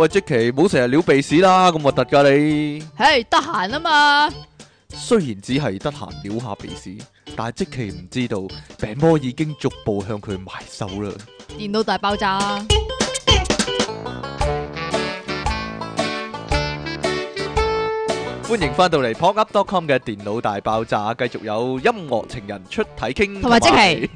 喂，積淇，唔好成日撩鼻屎啦，咁核突㗎你。嘿，hey, 得閒啊嘛。雖然只係得閒撩下鼻屎，但係積淇唔知道病魔已經逐步向佢埋手啦。電腦大爆炸。歡迎翻到嚟 popup.com 嘅電腦大爆炸，繼續有音樂情人出體傾偈，同埋即係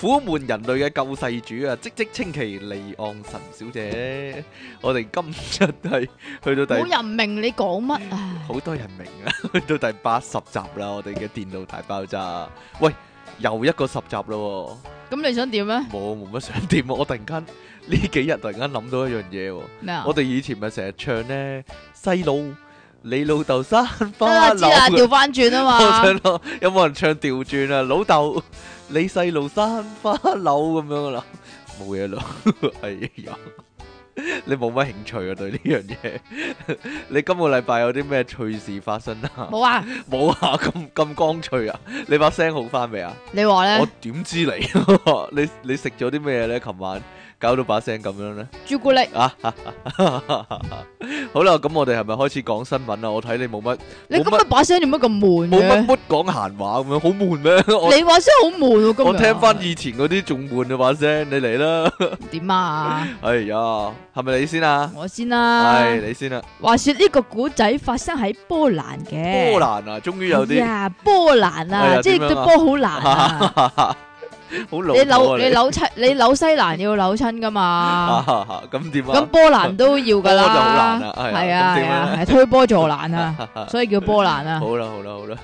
苦悶人類嘅救世主啊！積積稱奇離岸神小姐，我哋今日係去到第，冇人明你講乜啊？好多人明啊！去到第八十集啦，我哋嘅電腦大爆炸，喂，又一個十集啦喎！咁你想點咧？冇冇乜想點啊！我突然間呢幾日突然間諗到一樣嘢喎，我哋以前咪成日唱咧細路。你老豆生花柳、啊、知咯，調翻轉啊嘛！ 有冇人唱調轉啊？老豆，你細路生花柳咁樣啊？冇嘢咯，哎呀。你冇乜興趣啊？對呢樣嘢。 你今個禮拜有啲咩趣事發生啊？冇啊， 冇啊，咁咁乾脆啊！你把聲好翻未啊？你話咧？我點知你, 你？你你食咗啲咩咧？琴晚？搞到把聲咁樣咧？朱古力啊！好啦，咁我哋係咪開始講新聞啊？我睇你冇乜，你今日把聲做乜咁悶？冇乜乜講閒話咁樣，好悶咩？你話聲好悶哦，今日我聽翻以前嗰啲仲悶啊，把聲你嚟啦。點啊？哎呀，係咪你先啊？我先啦。係你先啦。話說呢個古仔發生喺波蘭嘅。波蘭啊，終於有啲。啊，波蘭啊，即係對波好難啊。好老，你扭你扭親，你扭西蘭要扭親噶嘛？咁點啊？咁波蘭都要噶啦，係啊，係啊，推波助瀾啊，所以叫波蘭啊。好啦好啦好啦，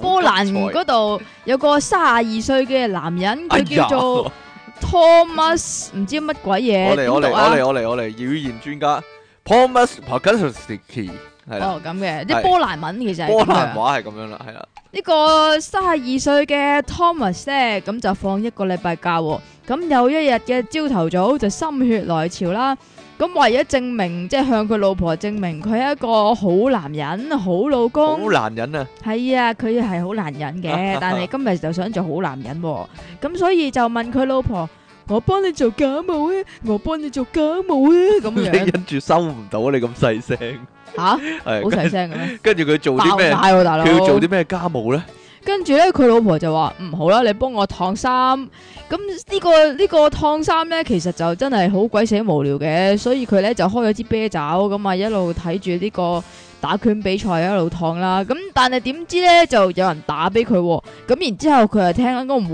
波蘭嗰度有個三十二歲嘅男人，佢叫做 Thomas 唔知乜鬼嘢。我嚟我嚟我嚟我嚟我嚟語言專家 Thomas Kinsley。哦，咁嘅，啲波蘭文其實，波蘭話係咁樣啦，係啦。呢個三廿二三十二歲嘅 Thomas 咧，咁就放一個禮拜假。咁有一日嘅朝頭早就心血來潮啦。咁為咗證明，即係向佢老婆證明佢係一個好男人、好老公。好男人啊！係啊，佢係好男人嘅，但係今日就想做好男人。咁所以就問佢老婆：，我幫你做感冒家務啊！我幫你做感冒家務啊！咁樣忍住收唔到，你咁細聲。吓，好細聲嘅。 跟住佢做啲咩？佢、啊、要做啲咩家務咧？跟住咧，佢老婆就話：，嗯，好啦，你幫我燙衫。咁、這個這個、呢個呢個燙衫咧，其實就真係好鬼死無聊嘅。所以佢咧就開咗支啤酒，咁啊一路睇住呢個打拳比賽一路燙啦。咁但係點知咧就有人打俾佢，咁然之後佢就聽緊、那個位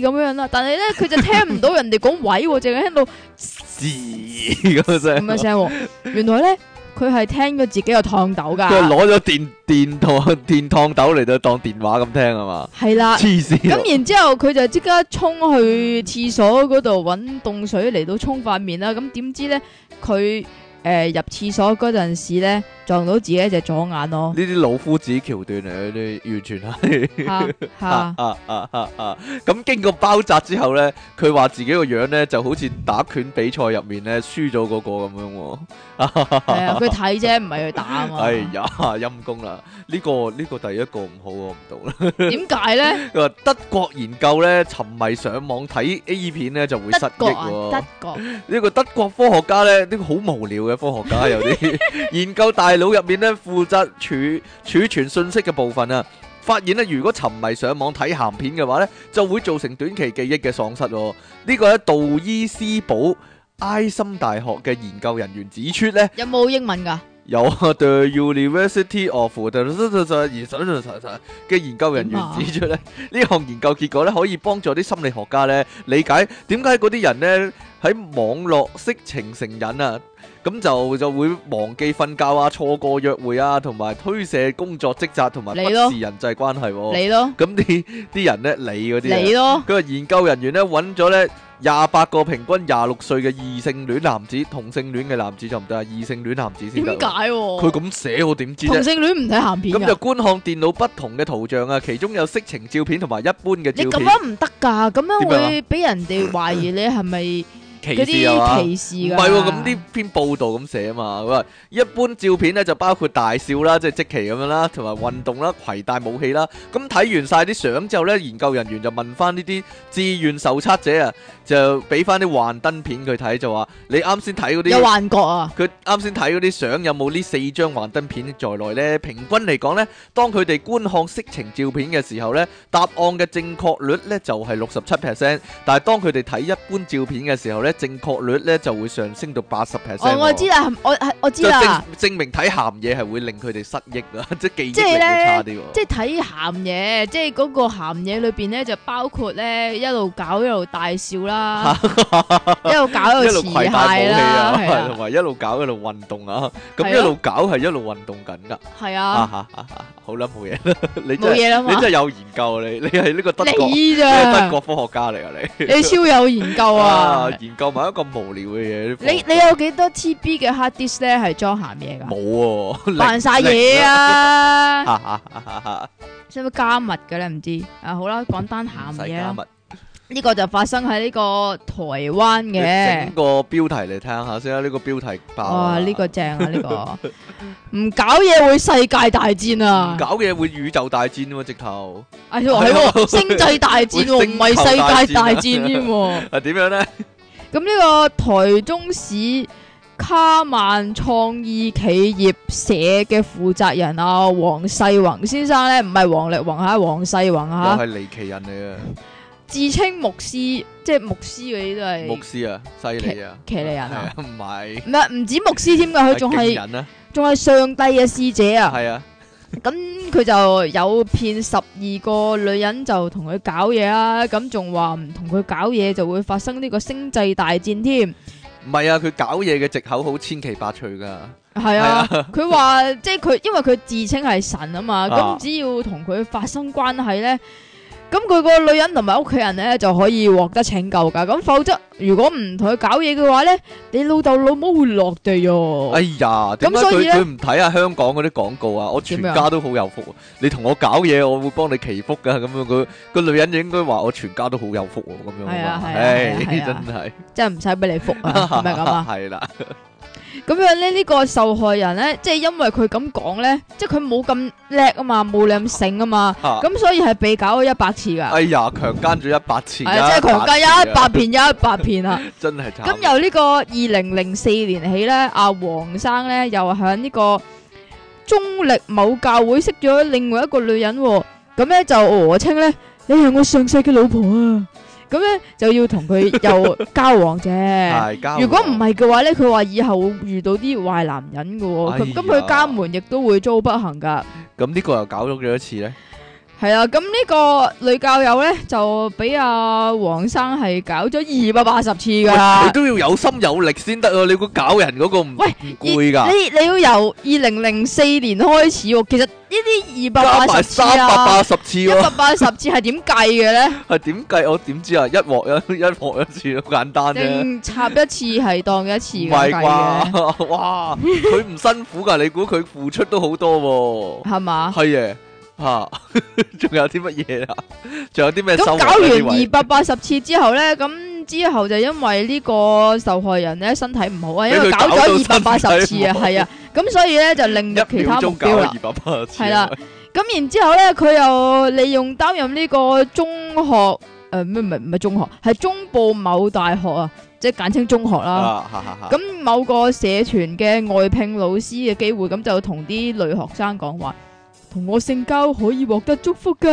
咁樣啦。但係咧佢就聽唔到人哋講位，淨係 聽到嘶咁嘅聲，咁嘅聲。 原來咧。佢係聽咗自己個燙斗噶，佢攞咗電電燙電燙斗嚟到當電話咁聽啊嘛？係啦，黐線。是的 經。咁然之後佢就即刻衝去廁所嗰度搵凍水嚟到沖塊面啦。咁點知咧佢？誒，入廁、呃、所嗰陣時咧，撞到自己一隻左眼咯。呢啲老夫子橋段嚟，呢完全係。吓吓吓吓咁經過包紮之後咧，佢話自己個樣咧就好似打拳比賽入面咧輸咗嗰個咁樣。係啊，佢睇啫，唔係佢打。哎呀，陰功啦，呢個呢、這個第一個唔好我唔到啦。點解咧？佢話德國研究咧，沉迷上網睇 A 片咧就會失憶德國、啊、德國呢 個德國科學家咧，呢、這個好無聊嘅。科學家有啲研究大腦入面咧，負責儲儲存信息嘅部分啊，發現咧、啊、如果沉迷上網睇鹹片嘅話咧，就會造成短期記憶嘅喪失，哦。這個、呢個喺杜伊斯堡埃森大學嘅研究人員指出咧，有冇英文㗎？有啊，The University of 就就就就研究就就嘅研究人員指出咧，呢項研究結果咧，可以幫助啲心理學家咧理解點解嗰啲人咧喺網絡色情成癮啊，咁就就會忘記瞓覺啊，錯過約會啊，同埋推卸工作職責，同埋不視人際關係。你咯。咁啲啲人咧，你嗰啲。你咯。佢話研究人員咧揾咗咧。廿八個平均廿六歲嘅異性戀男子，同性戀嘅男子就唔得，異性戀男子先得。點解？佢咁寫我點知？同性戀唔睇鹹片，咁就觀看電腦不同嘅圖像啊，其中有色情照片同埋一般嘅照片。你咁樣唔得㗎，咁樣會俾人哋懷疑你係咪、啊？ 歧視，歧視啊！歧視唔係咁，啲篇報道咁寫啊嘛，咁啊一般照片咧就包括大笑啦，即係積淇咁樣啦，同埋運動啦，攜帶武器啦。咁睇完晒啲相之後咧，研究人員就問翻呢啲志願受測者啊，就俾翻啲幻燈片佢睇，就話你啱先睇嗰啲有幻覺啊。佢啱先睇嗰啲相有冇呢四張幻燈片在內咧？平均嚟講咧，當佢哋觀看色情照片嘅時候咧，答案嘅正確率咧就係六十七 percent，但係當佢哋睇一般照片嘅時候咧。正確率咧就會上升到八十 percent 喎。我我知啦，我我知啦。證明睇鹹嘢係會令佢哋失憶啊，即係記憶力會差啲。即係睇鹹嘢，即係嗰個鹹嘢裏邊咧就包括咧一路搞一路大笑啦，一路搞一路大鼓氣啦，同埋一路搞一路運動啊。咁一路搞係一路運動緊噶。係啊。好啦，冇嘢啦。你冇嘢啦嘛？你真係有研究啊你，你係呢個德國，你係德國科學家嚟啊你。你超有研究啊！做埋一個無聊嘅嘢，你你有幾多 TB 嘅 hard disk 咧？係裝咸嘢噶？冇喎，爛晒嘢啊！使唔使加密嘅咧？唔知啊。好啦，講單鹹嘢加密，呢個就發生喺呢個台灣嘅。整個標題嚟聽下先啊！呢個標題爆。哇！呢個正啊！呢個唔搞嘢會世界大戰啊！搞嘢會宇宙大戰啊！直頭。哎呀，係星際大戰喎，唔係世界大戰添。啊，點樣咧？咁呢個台中市卡曼創意企業社嘅負責人啊，黃世宏先生咧，唔係黃力宏吓、啊，黃世宏吓、啊，我係離奇人嚟啊，自稱牧師，即係牧師嗰啲都係牧師啊，犀利啊，騎呢人啊，唔係 是，唔係唔止牧師添噶，佢仲係仲係上帝嘅使者啊，係啊。咁佢就有騙十二個女人就同佢搞嘢啊。咁仲話唔同佢搞嘢就會發生呢個星際大戰添。唔係啊，佢搞嘢嘅借口好千奇百趣噶。係啊，佢話 即係佢，因為佢自稱係神啊嘛，咁只要同佢發生關係呢。咁佢個女人同埋屋企人咧就可以獲得拯救噶，咁否則如果唔同佢搞嘢嘅話咧，你老豆老母會落地喲、哦。哎呀，咁 點解佢唔睇下香港啲廣告啊？我全家都好有福啊！你同我搞嘢，我會幫你祈福㗎。咁樣佢個女人應該話我全家都好有福啊。係啊係啊，真係真係唔使畀你福啊！係咪咁樣？係啊。 咁樣咧，呢個受害人咧，即係因為佢咁講咧，即係佢冇咁叻啊嘛，冇你咁醒啊嘛，咁所以係被搞咗一百次噶。哎呀，強奸咗一百次，係即係強奸一百遍，有一百遍啊，真係慘。咁由呢個二零零四年起咧，阿黃生咧又喺呢個中力某教會識咗另外一個女人，咁咧就訛稱咧你係我上世嘅老婆啊。咁咧就要同佢有交往啫。 哎、如果唔係嘅話咧，佢話以後會遇到啲壞男人嘅、哦，咁佢、哎、呀家門亦都會遭不幸噶。咁呢個又搞咗幾多次咧？係啊，咁呢個女教友咧就俾阿黃生係搞咗二百八十次噶啦，你都要有心有力先得啊！你估搞人嗰個唔攰噶？你你要由二零零四年開始哦、啊。其實、啊啊啊啊、呢啲二百八十次三百八十次，一百八十次係點計嘅咧？係點計？我點知啊？一鑊一一鑊一次好簡單啫，插一次係當一次嘅，啩的？ 哇！佢唔辛苦噶？你估佢付出都好多喎？係嘛？係啊。 嗎吓，仲 有啲乜嘢啊？仲有啲咩？咁搞完二百八十次之後咧，咁 之後就因為呢個受害人咧身體唔好啊， 因為搞咗二百八十次啊，係啊，咁 所以咧就令其他目標啦，二百八十次，係啦。咁 然之後咧，佢又利用擔任呢個中學誒咩？唔係唔係中學，係中部某大學啊，即係簡稱中學啦。咁 某個社團嘅外聘老師嘅機會，咁就同啲女學生講話。同我性交可以獲得祝福噶，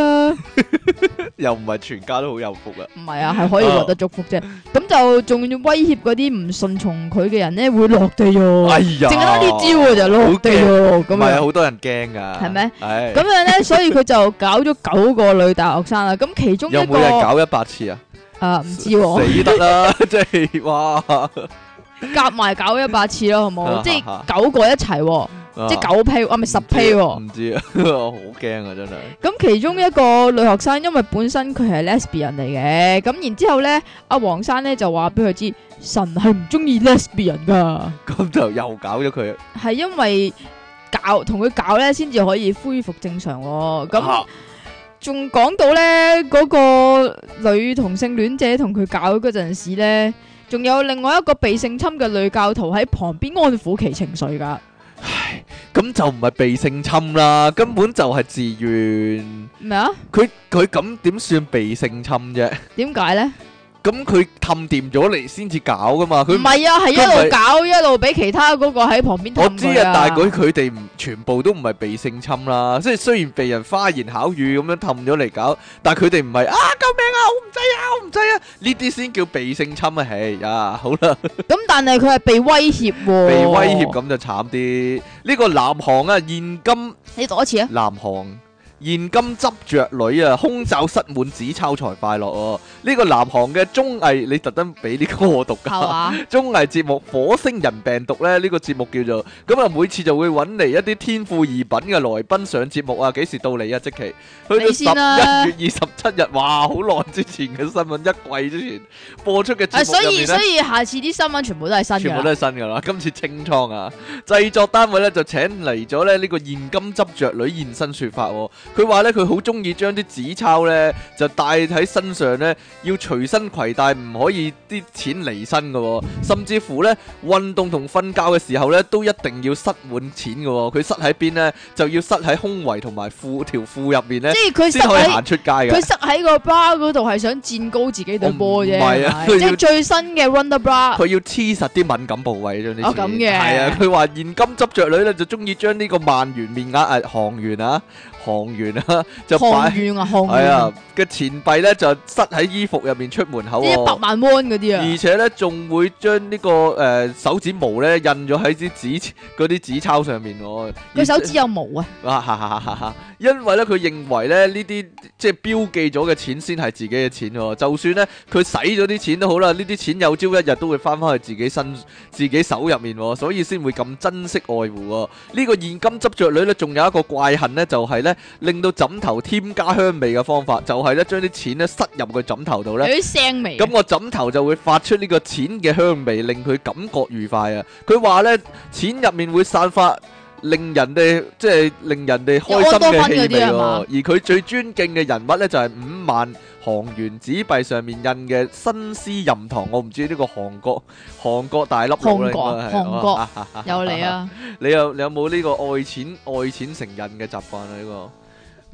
又唔係全家都好有福噶。唔係啊，係可以獲得祝福啫。咁就仲要威脅嗰啲唔順從佢嘅人咧，會落地喲。哎呀，淨係得呢招啊，就落地喲。咁咪係好多人驚噶，係咪？咁樣咧，所以佢就搞咗九個女大學生啦。咁其中一個有冇人搞一百次啊？啊，唔知死得啦，即係哇，夾埋搞一百次咯，好冇？即係九個一齊。即係九 pair，我咪十 pair，唔知啊，我好驚啊，真係咁。其中一個女學生，因為本身佢係 lesbian 嚟嘅，咁然之後咧，阿黃生咧就話俾佢知神係唔中意 lesbian 噶，咁就又搞咗佢。係因為搞同佢搞咧，先至可以恢復正常。咁仲講到咧，嗰個女同性戀者同佢搞嗰陣時咧，仲有另外一個被性侵嘅女教徒喺旁邊安撫其情緒噶。唉，咁就唔係被性侵啦，根本就係自願。咩啊麼？佢佢咁點算被性侵啫？點解咧？咁佢氹掂咗嚟先至搞噶嘛？佢唔係啊，係一路搞，一路俾其他嗰個喺旁邊氹、啊、我知啊，大概佢佢哋全部都唔係被性侵啦，即係雖然被人花言巧語咁樣氹咗嚟搞，但係佢哋唔係啊！救命啊！我唔制啊！我唔制啊！呢啲先叫被性侵啊！係、yeah, 啊，好啦。咁但係佢係被威脅喎。被威脅咁就慘啲。呢個南韓啊，現金你讀多一次啊，南韓。現金執著女啊，胸罩塞滿紙鈔才快樂哦！呢個南韓嘅綜藝你特登俾呢個我讀噶，綜藝節目《火星人病毒》咧，呢個節目叫做咁啊，每次就會揾嚟一啲天賦異稟嘅來賓上節目啊，幾時到你啊？即期你先啊！一月二十七日，哇，好耐之前嘅新聞，一季之前播出嘅節目。所以所以下次啲新聞全部都係新嘅，全部都係新噶啦！今次清倉啊，製作單位咧就請嚟咗咧呢個現金執著女現身說法。佢話咧，佢好中意將啲紙鈔咧就帶喺身上咧，要隨身攜帶，唔可以啲錢離身嘅。甚至乎咧，運動同瞓覺嘅時候咧，都一定要塞滿錢嘅。佢塞喺邊咧？就要塞喺胸圍同埋褲條褲入面咧，佢先可以行出街嘅。佢塞喺個 bra 嗰度，係想佔高自己對波啫。唔係、哦、啊，對 要即係最新嘅 Wonderbra。佢要黐實啲敏感部位啫。哦，咁嘅。係啊，佢話現金執着女咧，就中意將呢個萬元面額啊，行完啊。行員啊，就係啊，個錢幣咧就塞喺衣服入面出門口啊，一百萬蚊嗰啲啊，而且咧仲會將呢個誒手指毛咧印咗喺啲紙嗰啲紙鈔上面喎。佢手指有毛啊！哇哈哈哈！因為咧佢認為咧呢啲即係標記咗嘅錢先係自己嘅錢喎。就算咧佢使咗啲錢都好啦，呢啲錢有朝一日都會翻返去自己身自己手入面喎，所以先會咁珍惜愛護喎。呢個現金執著女咧仲有一個怪恨咧，就係咧。令到枕頭添加香味嘅方法，就係咧將啲錢咧塞入個枕頭度咧。有啲腥味。咁個枕頭就會發出呢個錢嘅香味，令佢感覺愉快啊！佢話咧錢入面會散發令人哋即係令人哋開心嘅氣味。是是而佢最尊敬嘅人物咧就係、是、五萬。韓元紙幣上面印嘅申師任堂，我唔知呢、這個韓國韓國大粒啦，韓國有你啊，來啊！你有你有冇呢個愛錢愛錢成癮嘅習慣、這個、 啊？呢個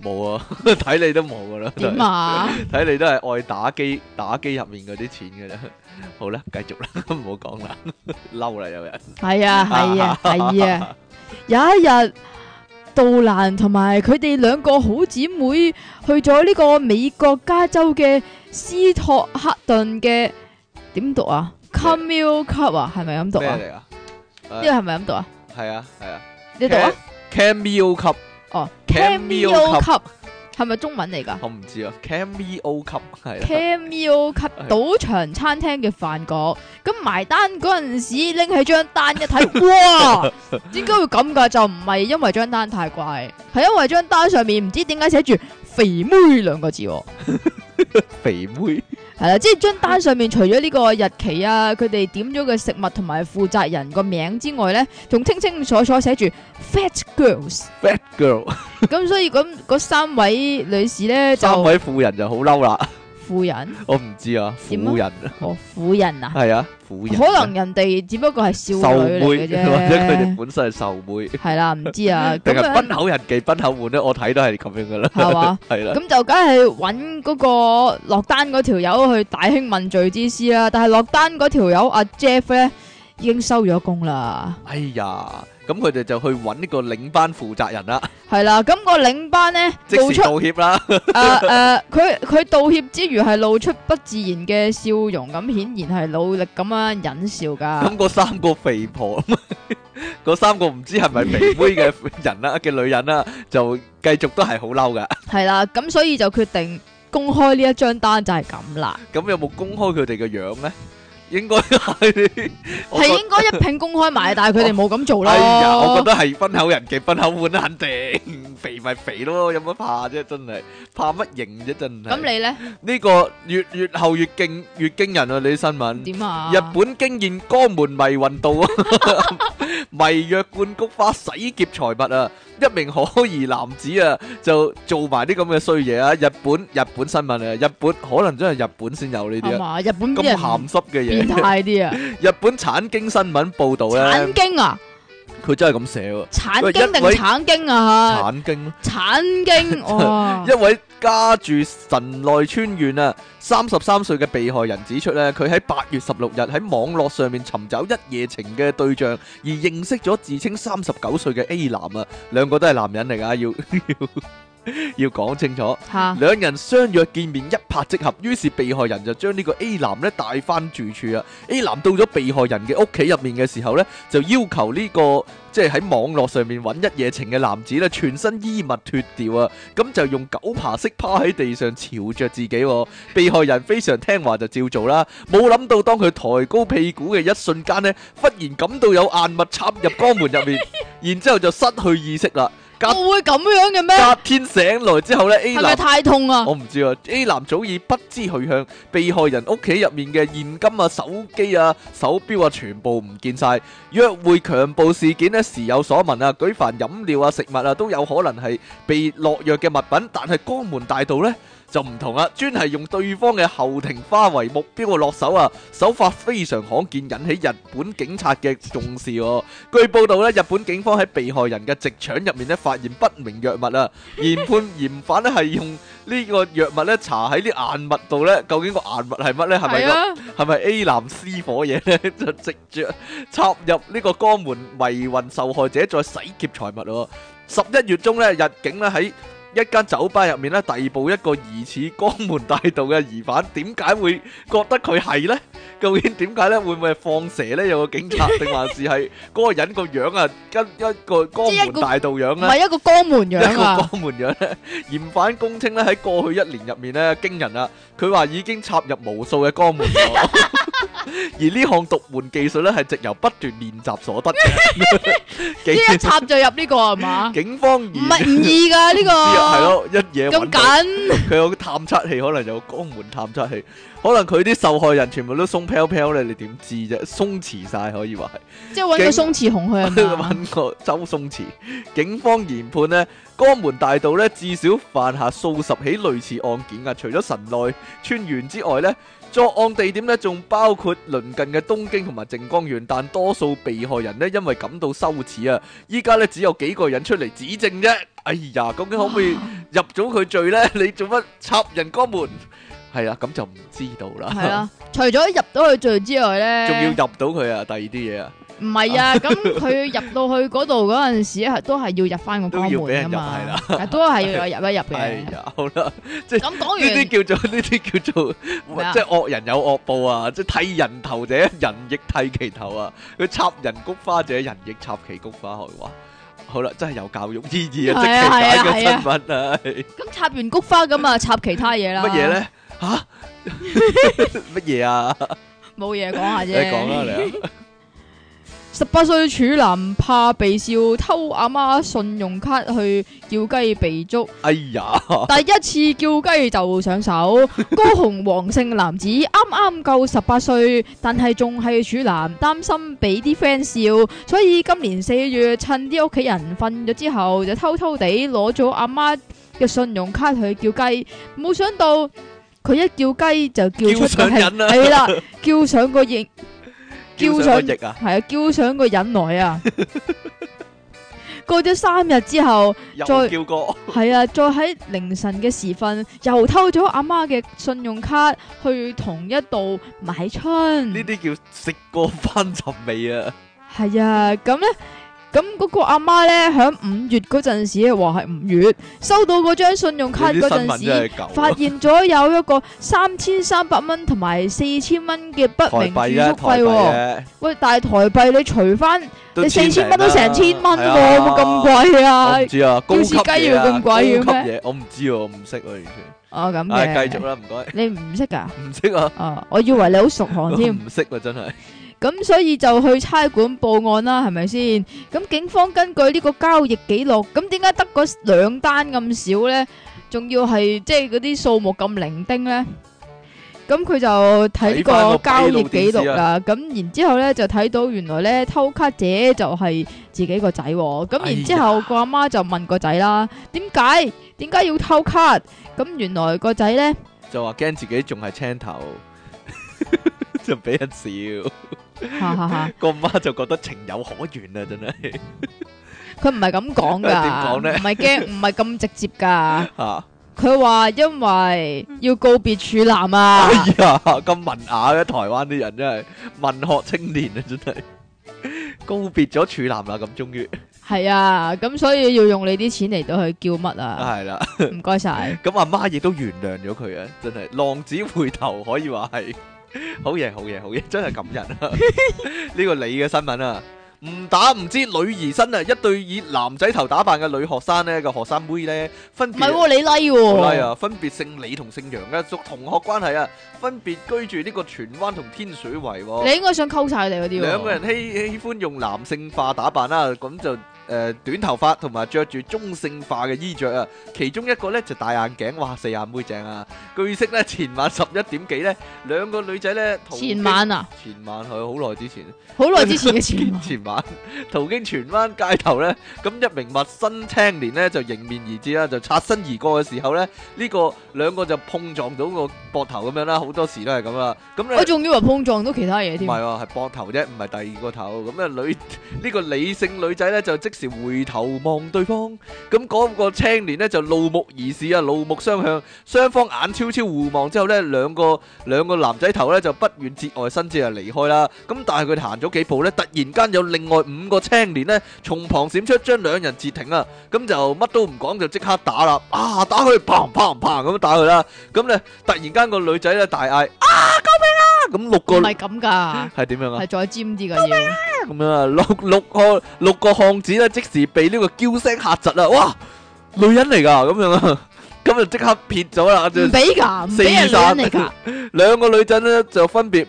冇啊，睇你都冇噶啦，點啊？睇你都係愛打機打機入面嗰啲錢㗎咋。好啦，繼續啦，唔好講啦，嬲 啦有人。係啊係啊係啊,啊,啊,啊，有一日。 杜蘭同埋佢哋兩個好姊妹去咗呢個美國加州嘅斯托克頓，嘅點讀啊？Camille Cup 啊，係咪咁讀啊？呢個係咪咁讀啊？係啊係啊，你讀啊？Camille Cup 哦 Camille Cup。Oh, 係咪中文嚟㗎？我唔知啊。Camio 級係 Camio 級賭場餐廳嘅飯局，咁埋單嗰陣時拎起張單一睇，哇！點解 會咁㗎？就唔係因為張單太貴，係因為張單上面唔知點解寫住肥妹兩個字喎。肥妹。 係啦、 啊，即係張單上面除咗呢個日期啊，佢哋點咗嘅食物同埋負責人個名之外咧，仲清清楚楚寫住 Fat Girls。Fat Girl。咁 所以咁嗰三位女士咧， 三位婦人就好嬲啦。婦人？我唔知啊。婦人，哦，婦人啊。係啊，婦人、啊。可能人哋只不過係少女嚟嘅啫，或者佢哋本身係壽妹。係啦，唔知啊。定係崩口人忌，崩口碗咧，我睇都係咁樣噶啦。係嘛，係啦。咁就梗係揾嗰個落單嗰條友去大興問罪之師啦、啊。但係落單嗰條友阿 Jeff 咧，已經收咗工啦。哎呀！咁佢哋就去搵呢個領班負責人啦。係啦，咁個領班咧，即時道歉啦。誒誒,佢佢道歉之餘係露出不自然嘅笑容，咁顯然係努力咁樣忍笑噶。咁嗰三個肥婆，嗰三個唔知係咪肥妹嘅人啦嘅女人啦，就繼續都係好嬲噶。係啦，咁所以就決定公開呢一張單就係咁啦。咁有冇公開佢哋嘅樣咧？應該係，係 得應該一拼公開埋， 但係佢哋冇咁做啦。哎呀，我覺得係分口人嘅，分口碗肯定。肥咪肥咯，有乜怕啫？真係怕乜型啫？真係。咁你咧？呢個越越後越勁，越驚人啊！你啲新聞點啊？日本驚現肛門迷運道啊！ 迷藥灌菊花洗劫財物啊！一名可疑男子啊，就做埋啲咁嘅衰嘢啊！日本日本新聞啊，日本可能真係日本先有呢啲啊！日本咁鹹濕嘅嘢變態啲啊！日本產經新聞報導啊！產經啊！佢真係咁寫喎。產經定產經啊？嚇，產經產經 一位家住神奈川縣啊，三十三歲嘅被害人指出咧，佢喺八月十六日喺網絡上面尋找一夜情嘅對象，而認識咗自稱三十九歲嘅 A 男啊，兩個都係男人嚟㗎，要。要 要講清楚，兩 人相約見面，一拍即合，於是被害人就將呢個 A 男咧帶翻住處啊。 A 男到咗被害人嘅屋企入面嘅時候呢就要求呢、呢個即係喺網絡上面揾一夜情嘅男子咧，全身衣物脫掉啊，咁就用狗爬式趴喺地上朝着自己。被害人非常聽話就照做啦，冇諗到當佢抬高屁股嘅一瞬間呢忽然感到有硬物插入肛門入面， 然之後就失去意識啦。會咁樣嘅咩？隔天醒來之後呢，A 男係咪太痛啊！我唔知啊，A 男早已不知去向。被害人屋企入面嘅現金啊、手機啊、手錶啊，全部唔見晒。約會強暴事件呢，時有所聞啊！舉凡飲料啊、食物啊，都有可能係被落藥嘅物品，但係江門大道呢，就唔同啦，專係用對方嘅後庭花為目標嘅落手啊，手法非常罕見，引起日本警察嘅重視啊。據報道咧，日本警方喺被害人嘅直腸入面咧發現不明藥物啊，研判嫌犯咧係用個藥呢個藥物咧查喺啲硬物度咧，究竟個硬物係乜呢？係咪、嗰個？係咪是、啊、A 男 C 火嘢咧？ 就直接插入呢個肛門，迷暈受害者再洗劫財物啊。十一月中咧，日警咧喺，一間酒吧入面咧，逮捕一個疑似江門大盜嘅疑犯，點解會覺得佢係呢？究竟點解咧？會唔會係放蛇呢？有個警察定還是係嗰個人個樣啊，跟一,一,一個江門大盜樣咧？唔係一個江門樣啊！一個江門樣咧，嫌犯供稱咧，喺過去一年入面呢，驚人啊。佢話已經插入無數嘅江門。 而呢項獨門技術咧，係藉由不斷練習所得嘅。一插就入呢個係嘛？警方唔係唔易噶呢個。係咯，一嘢咁緊。佢 有探測器，可能有個肛門探測器，可能佢啲受害人全部都鬆飄飄咧，你點知啫？鬆弛晒可以話係。即係揾個鬆弛紅去啊嘛。 搵個周鬆弛。警方研判呢，肛門大道咧至少犯下數十起類似案件啊！除咗神奈川縣之外咧。作案地點咧，仲包括鄰近嘅東京同埋靜岡縣，但多數被害人呢，因為感到羞恥啊，依家咧只有幾個人出嚟指證啫。哎呀，究竟可唔可以入咗佢罪呢？哇 你做乜插人肛門？係 啊，咁就唔知道啦。係啊，除咗入到佢罪之外呢，仲要入到佢啊，第二啲嘢啊。唔係啊，咁佢入到去嗰度嗰陣時，係都係要入翻個肛門啊嘛，都係要入一入嘅。係好啦，咁講完呢啲叫做呢啲叫做，即係惡人有惡報啊！即係剃人頭者，人亦剃其頭啊！佢插人菊花者，人亦插其菊花。好話，好啦，真係有教育意義啊！即係睇嘅新聞啊！咁插完菊花咁啊，插其他嘢啦？乜嘢咧？吓？乜嘢啊？冇嘢講下啫。你講啦，你啊。十八歲處男怕被笑偷阿媽信用卡去叫雞被捉。哎呀！第一次叫雞就上手，高雄黃姓男子啱啱 夠十八歲，但係仲係處男，擔心俾啲 friend 笑，所以今年四月趁啲屋企人瞓咗之後，就偷偷地攞咗阿媽嘅信用卡去叫雞，冇想到佢一叫雞就叫出個系、啊、 啦，叫上個應。 叫上係啊，叫上個忍耐啊！ 過咗三日之後，再叫過，係啊，再喺凌晨嘅時分，又偷咗阿媽嘅信用卡去同一度買春。呢啲叫食過翻尋味啊！係啊，咁咧。咁嗰個阿媽咧，響五月嗰陣時，話係五月收到嗰張信用卡嗰陣時，發現咗有一個三千三百蚊同埋四千蚊嘅不明住宿費。台幣啊，喂，但係台幣你除翻，你四千蚊都成千蚊喎，咁貴啊！唔知啊，高級嘢啊，高級嘢，我唔知喎，唔識喎，完全。哦，咁嘅。繼續啦，唔該。你唔識㗎？唔識啊！我以為你好熟行添。唔識喎，真係。咁所以就去差館報案啦，係咪先？咁警方根據呢個交易記錄，咁點解得嗰兩單咁少呢？仲要係即係嗰啲數目咁零丁呢？咁佢就睇呢個交易記錄啦。咁然之後呢就睇到原來呢偷卡者就係自己個仔喎。咁然之後個阿媽就問個仔啦：點解？點解要偷卡？咁原來個仔呢就話驚自己仲係青頭。就俾人笑，個媽就覺得情有可原啊！真係，佢唔係咁講噶，唔係驚，唔係咁直接噶。佢話因為要告別處男啊，咁文雅嘅台灣啲人真係文學青年啊，真係告別咗處男啊，咁終於係啊！咁所以要用你啲錢嚟到去叫乜啊？係啦，唔該晒。咁阿媽亦都原諒咗佢啊！真係浪子回頭，可以話係。好嘢，好嘢，好嘢！真係感人 啊！呢個你嘅新聞啊，唔打唔知，女兒身啊！一對以男仔頭打扮嘅女學生呢，個學生妹呢，分別唔係喎，哦你 like 哦、李麗喎、啊，李啊，分別姓李同姓楊嘅，屬同學關係啊，分別居住呢個荃灣同天水圍。你應該想溝晒佢哋嗰啲。兩個人喜喜歡用男性化打扮啦、啊，咁就。誒，短頭髮同埋着住中性化嘅衣着啊，其中一個咧就戴眼鏡，哇，四眼妹正啊！據悉咧，前晚十一點幾咧，兩個女仔咧，前晚啊，前晚係好耐之前，好耐之前嘅前晚，前晚途經荃灣街頭咧，咁一名陌生青年咧就迎面而至啦，就擦身而過嘅時候咧，呢個兩個就碰撞到個膊頭咁樣啦，好多時都係咁啦。咁咧，我仲以為碰撞到其他嘢添，唔係喎，係膊頭啫，唔係第二個頭。咁啊，女呢個理性女仔咧就即。時回頭望對方，咁嗰個青年咧就怒目而視啊，怒目相向，雙方眼超超互望之後咧，兩個兩個男仔頭咧就不願節外生枝啊，離開啦。咁但係佢哋行咗幾步咧，突然間有另外五個青年咧從旁閃出，將兩人截停啊。咁就乜都唔講，就即刻打啦。啊，打佢，砰砰砰咁打佢啦。咁咧突然間個女仔咧大嗌：啊，救命啊！咁六個唔係咁噶，係點樣啊？係再尖啲嘅嘢。咁樣啊，六六個六個漢子咧，即時被呢個叫聲吓窒啦！哇，女人嚟噶，咁樣啊，咁就即刻撇咗啦。唔俾噶，咩人嚟噶？兩個女仔呢就分別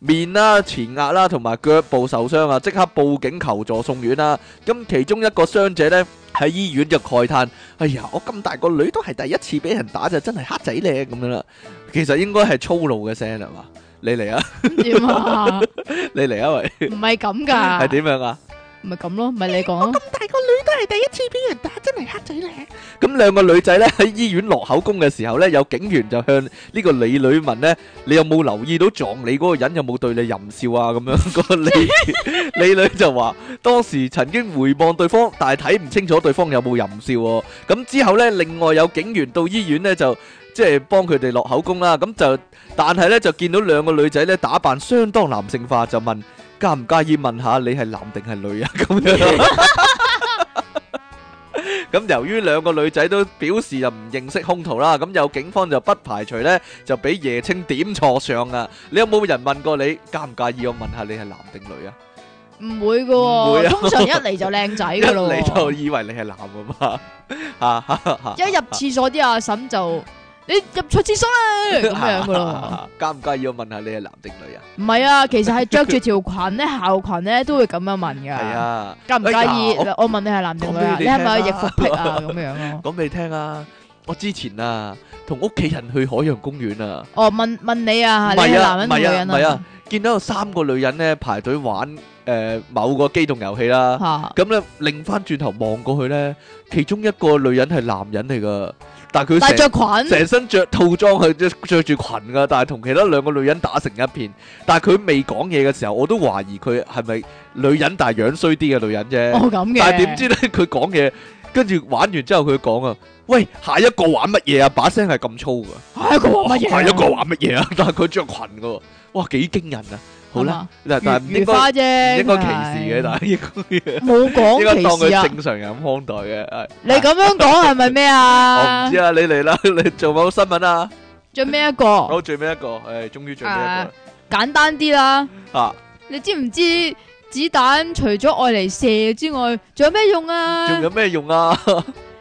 面啦、前額啦同埋腳部受傷啊，即刻報警求助送院啦。咁其中一個傷者呢喺醫院就慨嘆：哎呀，我咁大個女都係第一次俾人打，就真係黑仔咧咁樣啦。其實應該係粗魯嘅聲係嘛？你嚟啊！你嚟啊，喂！唔係咁噶，係點樣啊？唔係咁咯，唔係你講。我咁大個女都係第一次俾人打，真係黑嘴咧。咁兩個女仔咧喺醫院落口供嘅時候咧，有警員就向呢個李女問咧，你有冇留意到撞你嗰個人有冇對你淫笑啊？咁樣個李女就話，當時曾經回望對方，但係睇唔清楚對方有冇淫笑喎。咁之後咧，另外有警員到醫院咧就。即係幫佢哋落口供啦，咁就，但係咧就見到兩個女仔咧打扮相當男性化，就問介唔介意問下你係男定係女啊？咁樣，咁由於兩個女仔都表示又唔認識兇徒啦，咁有警方就不排除咧就俾夜青點錯相啊！你有冇人問過你介唔介意我問下你係男定女啊？唔會噶，通常一嚟就靚仔噶咯，一嚟就以為你係男啊嘛，一入廁所啲阿嬸就。你入錯廁所啦咁樣噶咯。介唔介意我問下你係男定女人？唔係啊，其實係着住條裙咧，校裙咧都會咁樣問噶。係啊，介唔介意我問你係男定女人？你係咪異服癖啊？咁樣咯，講俾你聽啊！我之前啊，同屋企人去海洋公園啊。哦，問問你啊，你係男人定女人啊？唔係啊，見到有三個女人咧排隊玩誒某個機動遊戲啦。吓，咁咧擰翻轉頭望過去咧，其中一個女人係男人嚟噶。但佢成成身着套裝，佢着着住裙噶，但係同其他兩個女人打成一片。但係佢未講嘢嘅時候，我都懷疑佢係咪女人，但係樣衰啲嘅女人啫。哦、但係點知咧，佢講嘢，跟住玩完之後佢講啊，喂，下一個玩乜嘢啊？把聲係咁粗噶，啊啊啊。下一個玩乜嘢？下一個玩乜嘢啊？但係佢着裙噶，哇，幾驚人啊！好啦，但係應該啫，應該歧視嘅，但係應該冇講歧視啊。應該當佢正常人看待嘅。你咁樣講係咪咩啊？我唔知啊，你嚟啦，你做冇新聞啊？最尾一個，我最尾一個，誒，終於最尾一個啦。簡單啲啦，吓，你知唔知子彈除咗愛嚟射之外，仲有咩用啊？仲有咩用啊？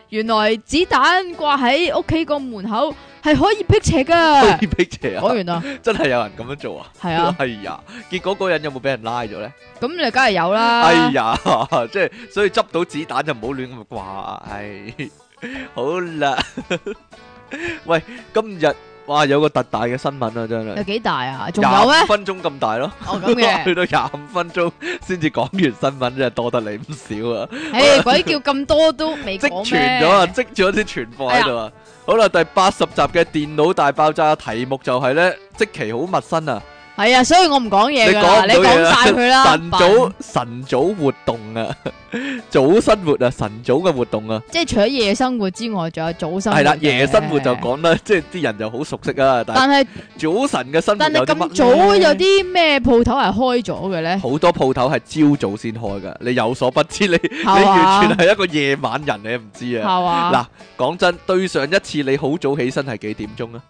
原來子彈掛喺屋企個門口。係可以辟邪噶，講、啊、完啦， 真係有人咁樣做啊！係啊，係呀，結果嗰人有冇俾人拉咗咧？咁 你梗係有啦，係、 哎、呀，即 係所以執到子彈就唔好亂咁掛，係、哎、 好啦， 喂，今日。哇！有個特大嘅新聞啊，真係有幾大啊？仲有啊！廿分鐘咁大咯、哦， 去到廿五分鐘先至講完新聞，真係多得你唔少啊！誒 ，鬼叫咁多都未講咩？積存咗啊，積咗啲存貨喺度啊！好啦，第八十集嘅電腦大爆炸嘅題目就係咧，即期好陌生啊！係啊，所以我唔講嘢噶，你講晒佢啦。晨早晨早活動啊，早生活啊，晨早嘅活動啊，即係除咗夜生活之外，仲有早生活。係啦，夜生活就講啦，即係啲人就好熟悉啊。但係早晨嘅生活，但係咁早有啲咩鋪頭係開咗嘅咧？好多鋪頭係朝早先開噶，你有所不知，你你完全係一個夜晚人，你唔知啊。係啊。嗱，講真，對上一次你好早起身係幾點鐘啊？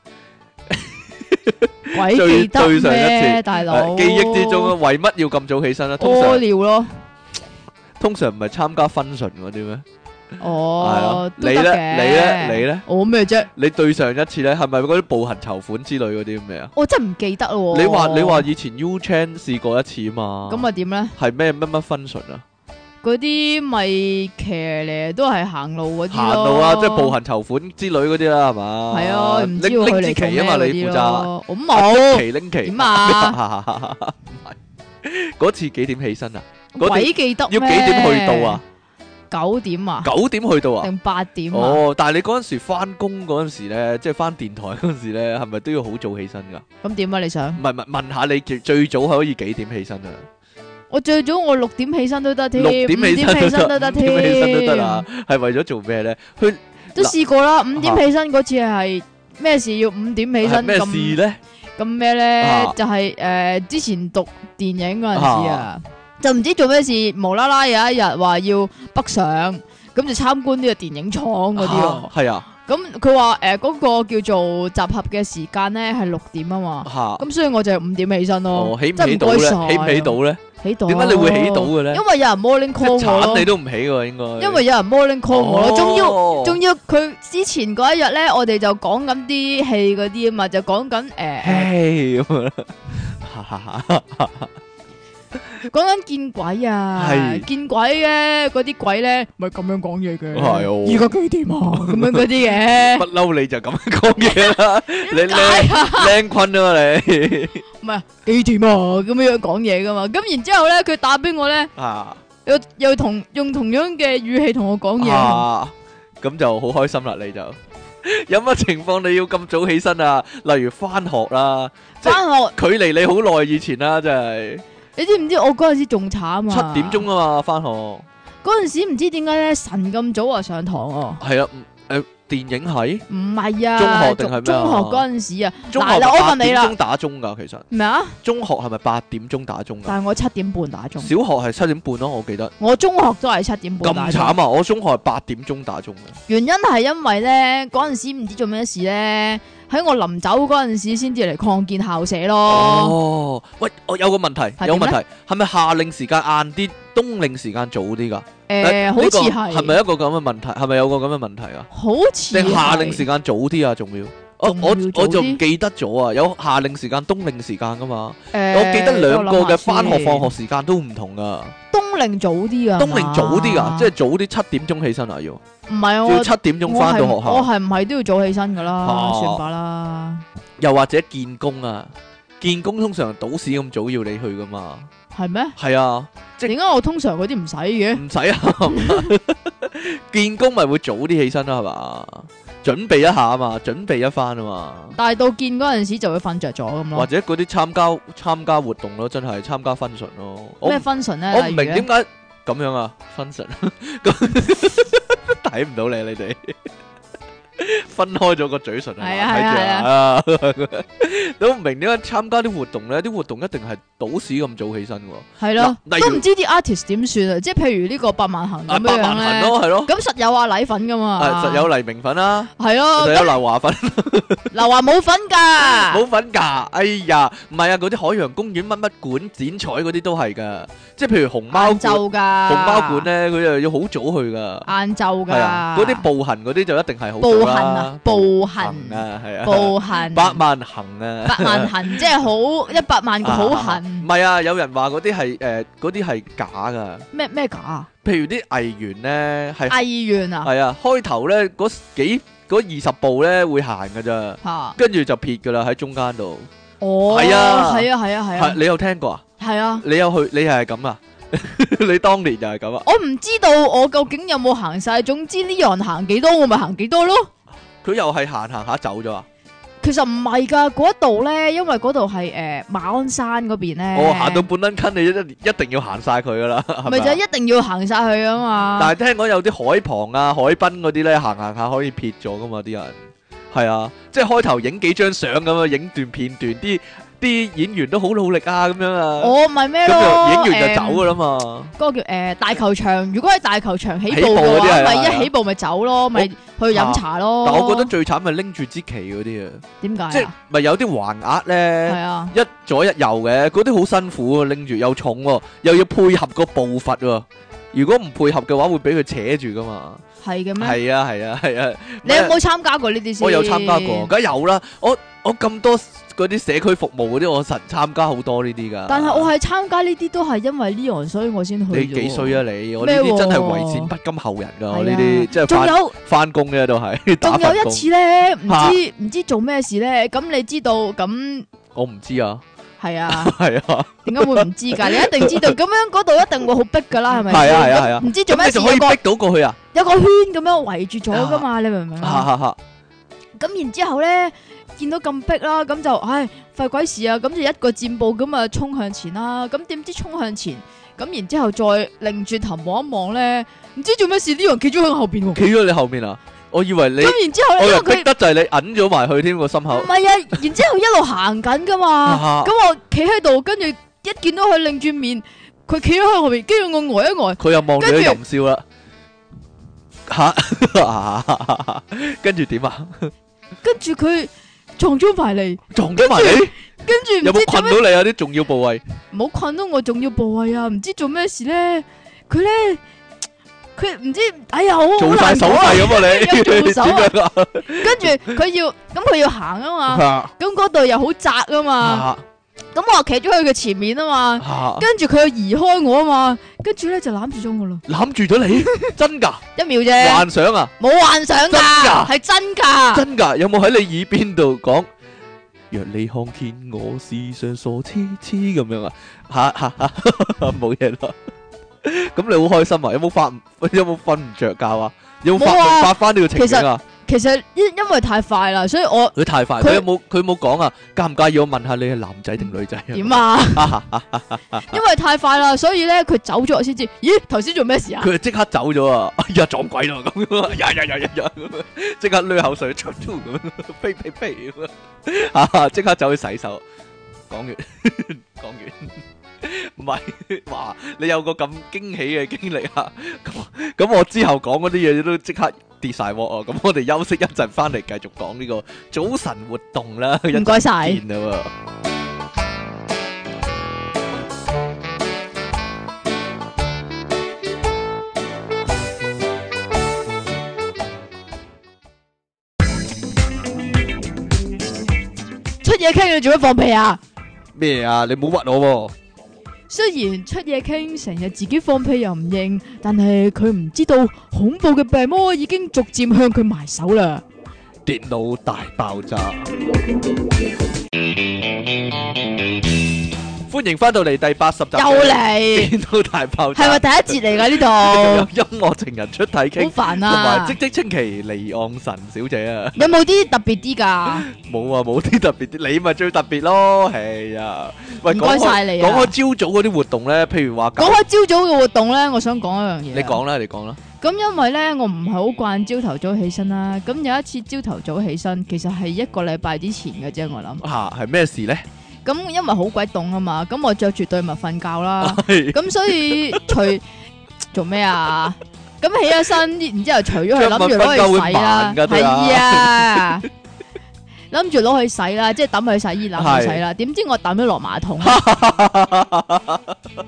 鬼記得咩，大佬？記憶之中啊，為乜要咁早起身咧？屙尿咯，通常唔係參加 function 嗰啲咩？哦，係啊，你咧，你咧，你咧，我咩啫？你對上一次咧，係咪嗰啲步行籌款之類嗰啲咩啊？我真係唔記得咯。你話你話以前 U Chan 試過一次嘛？咁啊點咧？係咩乜乜 function 啊？嗰啲咪騎咧，都係行路嗰啲咯。行路啊，即係步行籌款之類嗰啲啦，係嘛？係啊，拎拎支旗啊嘛，你負責。我冇。點啊？嗰次幾點起身啊？鬼記得咩？要幾點去到啊？九點啊？九點去到啊？定八點？哦，但係你嗰陣時翻工嗰陣時咧，即係翻電台嗰陣時咧，係咪都要好早起身噶？咁點啊？你想？唔係唔係，問下你最最早可以幾點起身啊？我最早我六點起身都得添，五點起身都得，五點起身都得啦。係為咗做咩咧？佢都試過啦。五點起身嗰次係咩事？要五點起身咁咩咧？咁咩咧？就係誒，之前讀電影嗰陣時啊，就唔知做咩事，無啦啦有一日話要北上，咁就參觀呢個電影廠嗰啲咯。係啊。咁佢話誒，嗰個叫做集合嘅時間咧係六點啊嘛。吓。咁所以我就五點起身咯。哦，起唔起到咧？起唔起到咧？點解起你會起到嘅咧？因為有人 morning call 我咯，咁慘你都唔起嘅應該。因為有人 morning call、哦、我，仲要仲要佢之前嗰一日咧，我哋就講緊啲戲嗰啲啊嘛，就講緊誒。呃 hey, 講緊見鬼啊，係見鬼咧！嗰啲鬼咧，咪咁樣講嘢嘅，依家幾點啊？咁樣嗰啲嘢，不嬲你就咁樣講嘢啦，你你僆坤啊你，唔係幾點啊，咁樣樣講嘢噶嘛，咁然之後咧，佢打俾我咧，又又同用同樣嘅語氣同我講嘢，咁就好開心啦！你就有乜情況你要咁早起身啊？例如翻學啦，翻學，距離你好耐以前啦，真係。你知唔知我嗰陣時仲慘啊？七點鐘啊嘛，返學。嗰陣時唔知點解咧，神咁早啊上堂哦。係啊，誒、啊呃，電影係。唔係啊。中學定係咩中學嗰陣時啊，中學鐘鐘啦，啦我問你啦。打鐘噶，其實。咩啊？中學係咪八點鐘打鐘啊？但係我七點半打鐘。小學係七點半咯、啊，我記得。我中學都係七點半打鐘。咁慘啊！我中學係八點鐘打鐘嘅。原因係因為咧，嗰陣時唔知做咩事咧。喺我臨走嗰陣時，先至嚟擴建校舍咯。哦，喂，我有個問題，有問題，係咪夏令時間晏啲，冬令時間早啲噶？誒，好似係，係咪一個咁嘅問題？係咪有個咁嘅問題啊？好似你夏令時間早啲啊？仲要，我我我仲記得咗啊！有夏令時間、冬令時間噶嘛？我記得兩個嘅返學、放學時間都唔同噶。冬令早啲啊！冬令早啲啊！即係早啲七點鐘起身啊！要。唔係我要七點鐘翻到學校，我係唔係都要早起身噶啦？算罷啦。又或者見工啊？見工通常倒屎咁早要你去噶嘛？係咩？係啊，點解我通常嗰啲唔使嘅？唔使啊，見工咪會早啲起身啦，係嘛？準備一下啊嘛，準備一番啊嘛。但係到見嗰陣時就會瞓着咗咁咯。或者嗰啲參加參加活動咯，真係參加 function 咯。咩 function 咧？我唔明點解。咁樣啊，分神啊，咁睇唔到你，啊，你哋。 分開咗個嘴唇係啊係啊，都唔明點解參加啲活動咧？啲活動一定係倒屎咁早起身㗎。係咯，都唔知啲 artist 點算啊！即係譬如呢個百萬行咁樣咧，咁實有阿奶粉噶嘛？係實有黎明粉啦，係啊，有劉華粉，劉華冇粉噶，冇粉噶，哎呀，唔係啊，嗰啲海洋公園乜乜館剪彩嗰啲都係噶，即係譬如熊貓館噶，熊貓館咧佢又要好早去噶，晏晝噶，係啊，嗰啲步行嗰啲就一定係好。行啊，步行啊，係啊，步行，百萬行啊，百萬行，即係好一百萬個好行。唔係啊，有人話嗰啲係誒，嗰啲係假噶。咩咩假？譬如啲藝員咧，係藝員啊，係啊，開頭咧嗰幾嗰二十步咧會行噶咋，跟住就撇噶啦喺中間度。哦，係啊，係啊，係啊，係啊，你有聽過啊？係啊，你有去？你係咁啊？你當年就係咁啊？我唔知道我究竟有冇行晒，總之呢樣行幾多，我咪行幾多咯。佢又係行行下走咗啊！其實唔係噶，嗰度咧，因為嗰度係誒馬鞍山嗰邊咧。我行、哦、到半倫坑，你一一定要行晒佢噶啦。咪 就 一定要行晒佢啊嘛！但係聽講有啲海旁啊、海濱嗰啲咧，行行下可以撇咗噶嘛啲人。係啊，即係開頭影幾張相咁啊，影段片段啲。啲演員都好努力啊，咁樣啊，我唔係咩，跟住演員就走噶啦嘛。嗰個叫誒大球場，如果喺大球場起步嘅話，咪一起步咪走咯，咪去飲茶咯。但我覺得最慘咪拎住支旗嗰啲啊，點解？即係咪有啲橫額咧？係啊，一左一右嘅，嗰啲好辛苦啊，拎住又重，又要配合個步伐。如果唔配合嘅話，會俾佢扯住噶嘛？係嘅咩？係啊係啊係啊！你有冇參加過呢啲先？我有參加過，梗係有啦。我我咁多。嗰啲社區服務嗰啲，我神參加好多呢啲噶。但係我係參加呢啲都係因為呢樣，所以我先去。你幾衰啊你！我呢啲真係為錢不甘後人噶，我呢啲。仲有翻工啫都係。仲有一次咧，唔知唔知做咩事咧，咁你知道咁？我唔知啊。係啊。係啊。點解會唔知㗎？你一定知道，咁樣嗰度一定會好逼噶啦，係咪？係啊係啊係啊。唔知做咩事可以逼到過去啊？有個圈咁樣圍住咗噶嘛，你明唔明啊？咁然之後咧，見到咁逼啦，咁就唉，廢鬼事啊！咁就一個箭步咁啊，衝向前啦。咁點知衝向前，咁然之後再擰轉頭望一望咧，唔知做咩事呢？人企咗喺後邊喎，企咗你後邊啊！我以為你咁然之後呢，我又覺得就係你揞咗埋去添個心口。唔係啊，然之後一路行緊噶嘛，咁 我企喺度，跟住一見到佢擰轉面，佢企咗喺後邊，跟住我呆一呆，佢又望你咁笑啦。吓後，跟住點啊？ 跟住佢撞咗埋嚟，撞咗埋嚟，跟住唔知有冇困到你啊啲重要部位，唔好困到我重要部位啊，唔知做咩事咧，佢咧，佢唔知哎呀好，做完 好難、啊、手咁啊你， 做手啊， 跟住佢要，咁佢要行啊嘛，咁嗰度又好窄啊嘛。 咁我企咗去佢前面啊嘛，跟住佢移開我啊嘛，跟住咧就攬住咗我啦，攬住咗你，真噶， 一秒啫，幻想啊，冇幻想噶，係真噶，真噶，有冇喺你耳邊度講，若你看見，我世上傻痴痴咁樣啊，吓吓吓，冇嘢咯，咁 事了 你好開心啊，有冇發，有冇瞓唔着覺啊？發有、啊、發發翻呢個情景啊！其實因因為太快啦，所以我佢太快，佢冇佢冇講啊，介唔介意我問下你係男仔定女仔啊？點啊？因為太快啦，所以咧佢走咗我先知。咦，頭先做咩事啊？佢即刻走咗啊！哎、呀，撞鬼咯咁樣！呀呀呀呀呀即刻噦口水，出嚟咁樣，呸呸呸咁樣，即、啊、刻走去洗手。講完，講完。唔係話你有個咁驚喜嘅經歷啊，咁咁我之後講嗰啲嘢，都即刻跌晒鑊哦。咁我哋休息一陣，翻嚟繼續講呢個早晨活動啦。唔該晒。出嘢傾，你做咩放屁啊？咩啊？你冇屈我喎。雖然出體 king，成日自己放屁又唔認，但係佢唔知道恐怖嘅病魔已經逐漸向佢埋手啦。電腦大爆炸。 歡迎翻到嚟第八十集又來，又嚟變到大爆炸，係咪第一節嚟㗎呢度？ 有音樂情人出體劇，好煩啊！同埋即即積淇，離岸神小姐啊！ 有冇啲特別啲㗎？冇 啊，冇啲特別啲，你咪最特別咯！係啊，唔該曬你。謝謝。講開朝、啊、早嗰啲活動咧，譬如話講開朝早嘅活動咧，我想講一樣嘢。你講啦，你講啦。咁因為咧，我唔係好慣朝頭早起身啦、啊。咁有一次朝頭早起身，其實係一個禮拜之前嘅啫，我諗嚇係咩事咧？咁、嗯、因為好鬼凍啊嘛，咁、嗯、我着住對襪瞓覺啦，咁、 嗯、所以除做咩啊？咁、嗯、起咗身，然之後除咗佢諗住攞去洗啦，係 啊，諗住攞去洗啦，即係抌去洗衣籃去洗啦。點是知我抌咗落馬桶。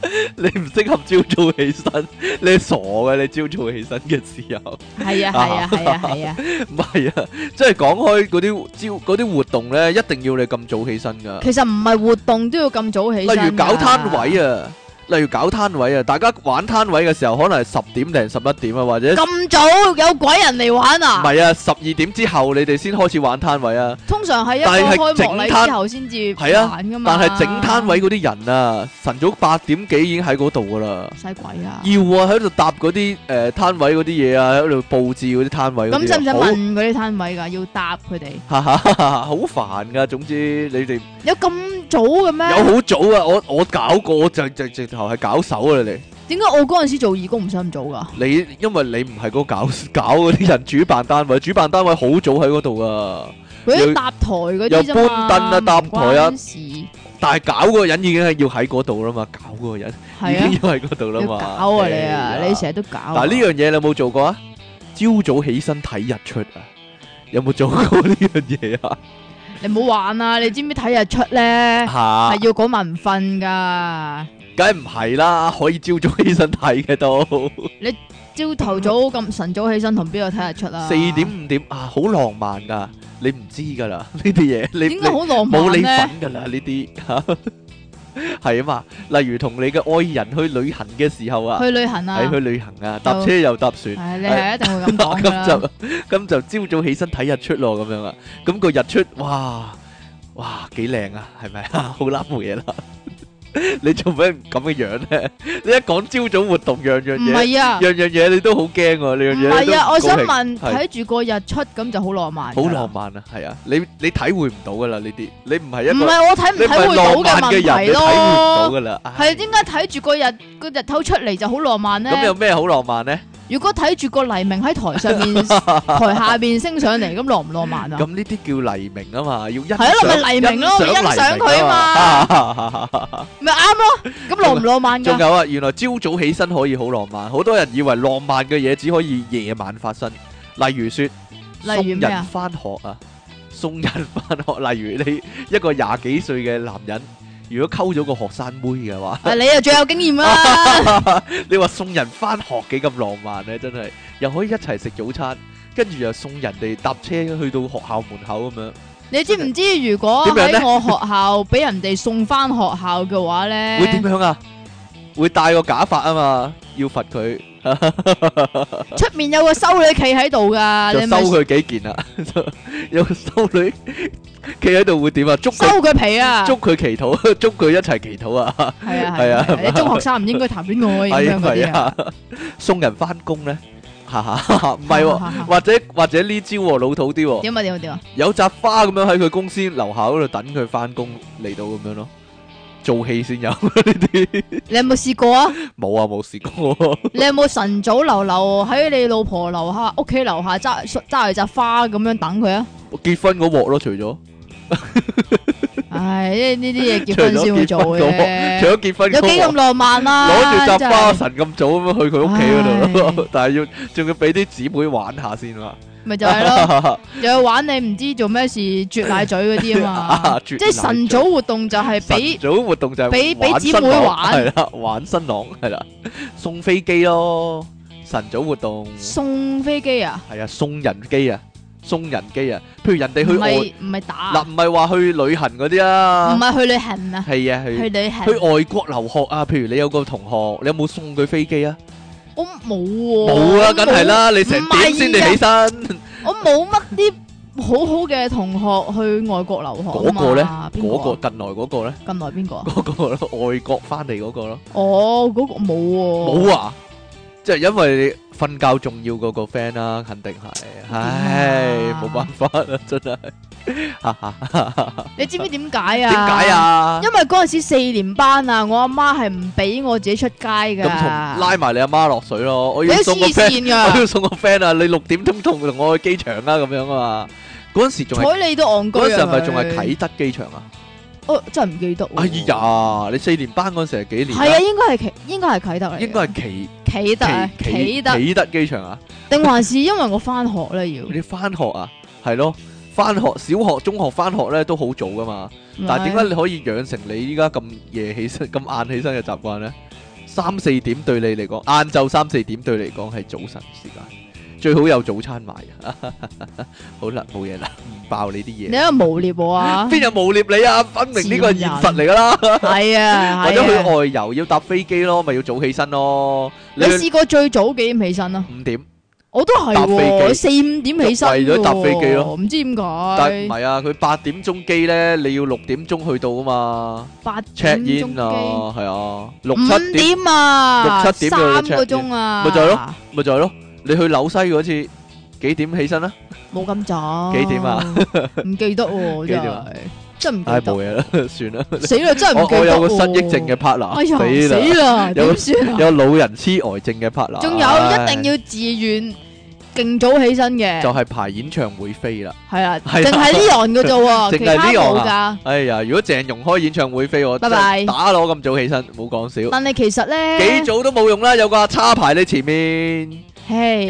你唔適合朝早起身， 你傻嘅！你朝早起身嘅時候，係啊係啊係啊係啊，唔係啊，啊，啊， 啊，即係講開嗰啲朝嗰啲活動咧，一定要你咁早起身噶。其實唔係活動都要咁早起身，身，例如搞攤位啊。 例如搞攤位啊，大家玩攤位嘅時候可能係十點零十一點啊，或者咁早有鬼人嚟玩啊？唔係啊，十二點之後你哋先開始玩攤位啊。通常係一開幕禮之後先至玩㗎嘛。但係整攤位嗰啲人啊，晨早八點幾已經喺嗰度㗎啦。使鬼啊！要啊，喺度搭嗰啲誒攤位嗰啲嘢啊，喺度佈置嗰啲攤位。咁使唔使問嗰啲攤位㗎？要搭佢哋。哈哈哈！好煩㗎，總之你哋有咁早嘅咩？有好早啊！我我搞過，就就就。係搞手啊你！點解我嗰陣時做義工唔使咁早噶？你因為你唔係嗰個搞搞嗰啲人，主辦單位，主辦單位好早喺嗰度啊，嗰啲搭台嗰啲啫嘛。又搬凳啊，搭台啊。但係搞嗰個人已經係要喺嗰度啦嘛，搞嗰個人已經要喺嗰度啦嘛。搞啊你啊！你成日都搞。嗱，呢樣嘢你有冇做過啊？朝早起身睇日出啊？有冇做過呢樣嘢啊？你冇玩啊！你知唔知睇日出咧？係要講文瞓噶。梗唔係啦，可以朝早起身睇嘅都。你朝頭早咁晨早起身，同邊個睇日出啊？四點五點啊，好浪漫噶，你唔知噶啦呢啲嘢。你點解好浪漫咧？冇你份噶啦呢啲，係啊嘛。例如同你嘅愛人去旅行嘅時候啊，去旅行啊，係去旅行啊，搭車又搭船，係你係一定會咁講啦。咁就咁就朝早起身睇日出咯，咁樣啊。咁個日出，哇哇幾靚啊，係咪啊？好拉風嘢啦。 你做咩咁嘅樣咧？ 你一講朝早活動樣樣嘢是、啊、樣樣嘢，樣樣嘢你都好驚喎。呢樣嘢係啊，啊我想問，睇住是個日出咁就好浪漫。好浪漫啊，係啊，你你體會唔到噶啦呢啲，你唔係一唔係我睇唔體會到嘅問題咯。係點解睇住個日個日頭出嚟就浪呢 好浪漫咧？咁有咩好浪漫咧？如果睇住個黎明喺台上面、台下邊升上嚟，咁浪唔浪漫啊？咁呢啲叫黎明啊嘛，要一上欣賞佢啊嘛，咪啱咯？咁浪唔浪漫噶？仲有啊，原來朝早起身可以好浪漫。好多人以為浪漫嘅嘢只可以夜晚發生，例如說送人翻學啊，送人翻學。例如你一個廿幾歲嘅男人。如果溝咗個學生妹嘅話 你又最有經驗啦！你話送人返學幾咁浪漫呢？真係又可以一齊食早餐，跟住又送人哋搭車去到學校門口咁樣。你知唔知如果喺我學校俾人哋送返學校嘅話呢， 會點樣啊？會戴個假髮啊嘛，要罰佢。出面有個修女企喺度噶，收佢幾件啊。有個修女企喺度會點啊？捉收佢皮啊！捉佢祈禱，捉佢一齊祈禱啊！係啊係啊，你中學生唔應該談戀愛咁樣嗰啲啊！送人翻工咧，哈哈，唔係，或者或者呢招老土啲。點啊點啊點啊！有扎花咁樣喺佢公司樓下嗰度等佢翻工嚟到咁樣咯。做戲先有呢啲，你有冇試過啊？冇啊，冇試過。你有冇晨早流流喺你老婆樓下、屋企樓下揸揸住扎花咁樣等佢啊？結婚嗰鑊咯，除咗，唉，呢呢啲嘢結婚先會做嘅。除咗結婚，有幾咁浪漫啊？攞住扎花晨咁早咁樣去佢屋企嗰度，但係要仲要俾啲姊妹玩下先啦。咪就係咯，又玩你唔知做咩事啜奶嘴嗰啲啊嘛，即係晨早活動就係俾晨早活動就係俾俾姊妹玩，係啦，玩新郎，係啦，送飛機咯，晨早活動送飛機啊，係啊，送人機啊，送人機啊，譬如人哋去外唔係打嗱，唔係話去旅行嗰啲啊，唔係去旅行啊，係啊，去去旅行去外國留學啊，譬如你有個同學，你有冇送佢飛機啊？我冇喎，冇啊，梗係、啊、啦，沒你成點先你起身、啊？ 我冇乜啲好好嘅同學去外國留學嗰個咧，嗰、啊啊嗰個近來嗰個咧，近來邊個呢？嗰、啊嗰個咯，外國翻嚟嗰個咯。哦，嗰、嗰個冇喎，冇啊，啊，即係因為你瞓覺重要過個 friend 啦、啊，肯定係，唉，冇、啊、辦法啦，真係。 你知唔知點解啊？點解啊？因為嗰陣時四年班啊，我阿媽係唔俾我自己出街噶。拉埋你阿媽落水咯！我要送個 friend 我要送個 friend 啊！你六點鐘同同我去機場啦，咁樣啊嘛。嗰陣時仲睬你都戇居啊！嗰陣時係咪仲係啟德機場啊？哦，真係唔記得、啊。哎呀，你四年班嗰陣時係幾年、啊？係啊，應該係啟，應該係啟德嚟。應該係啟啟德啟德啟德機場啊？定還是因為我翻學咧要？ 你翻學啊？係咯。翻學小學、中學翻學咧都好早噶嘛，但係點解你可以養成你依家咁夜起身、咁晏起身嘅習慣咧？三四點對你嚟講，晏晝三四點對你嚟講係早晨時間，最好有早餐買。好啦，冇嘢啦，唔爆你啲嘢。你喺度污衊啊？邊有污衊你啊？分明呢個現實嚟噶啦。係啊，或者去外遊要搭飛機咯，咪要早起身咯。你試過最早幾點起身啊？五點。我都係搭飛機，四五點起身咯，為咗搭飛機咯，我唔知點解。但係唔係啊，佢八點鐘機咧，你要六點鐘去到啊嘛，八 check in 啊，係啊，六七點啊，六七點三個鐘啊，咪就係咯，咪就係咯，你去紐西嗰次幾點起身啊？冇咁早。幾點啊？唔記得喎。幾點？真係唔記得，算啦，死啦！真係唔記得。我有個失憶症嘅 partner，死啦！點算？有老人痴呆症嘅 partner，仲有一定要自願勁早起身嘅，就係排演唱會飛啦。係啊，淨係呢樣㗎咋，其他冇噶。哎呀，如果鄭融開演唱會飛，我得打攞咁早起身，冇講笑。但係其實咧，幾早都冇用啦，有個叉牌喺前面。嘿，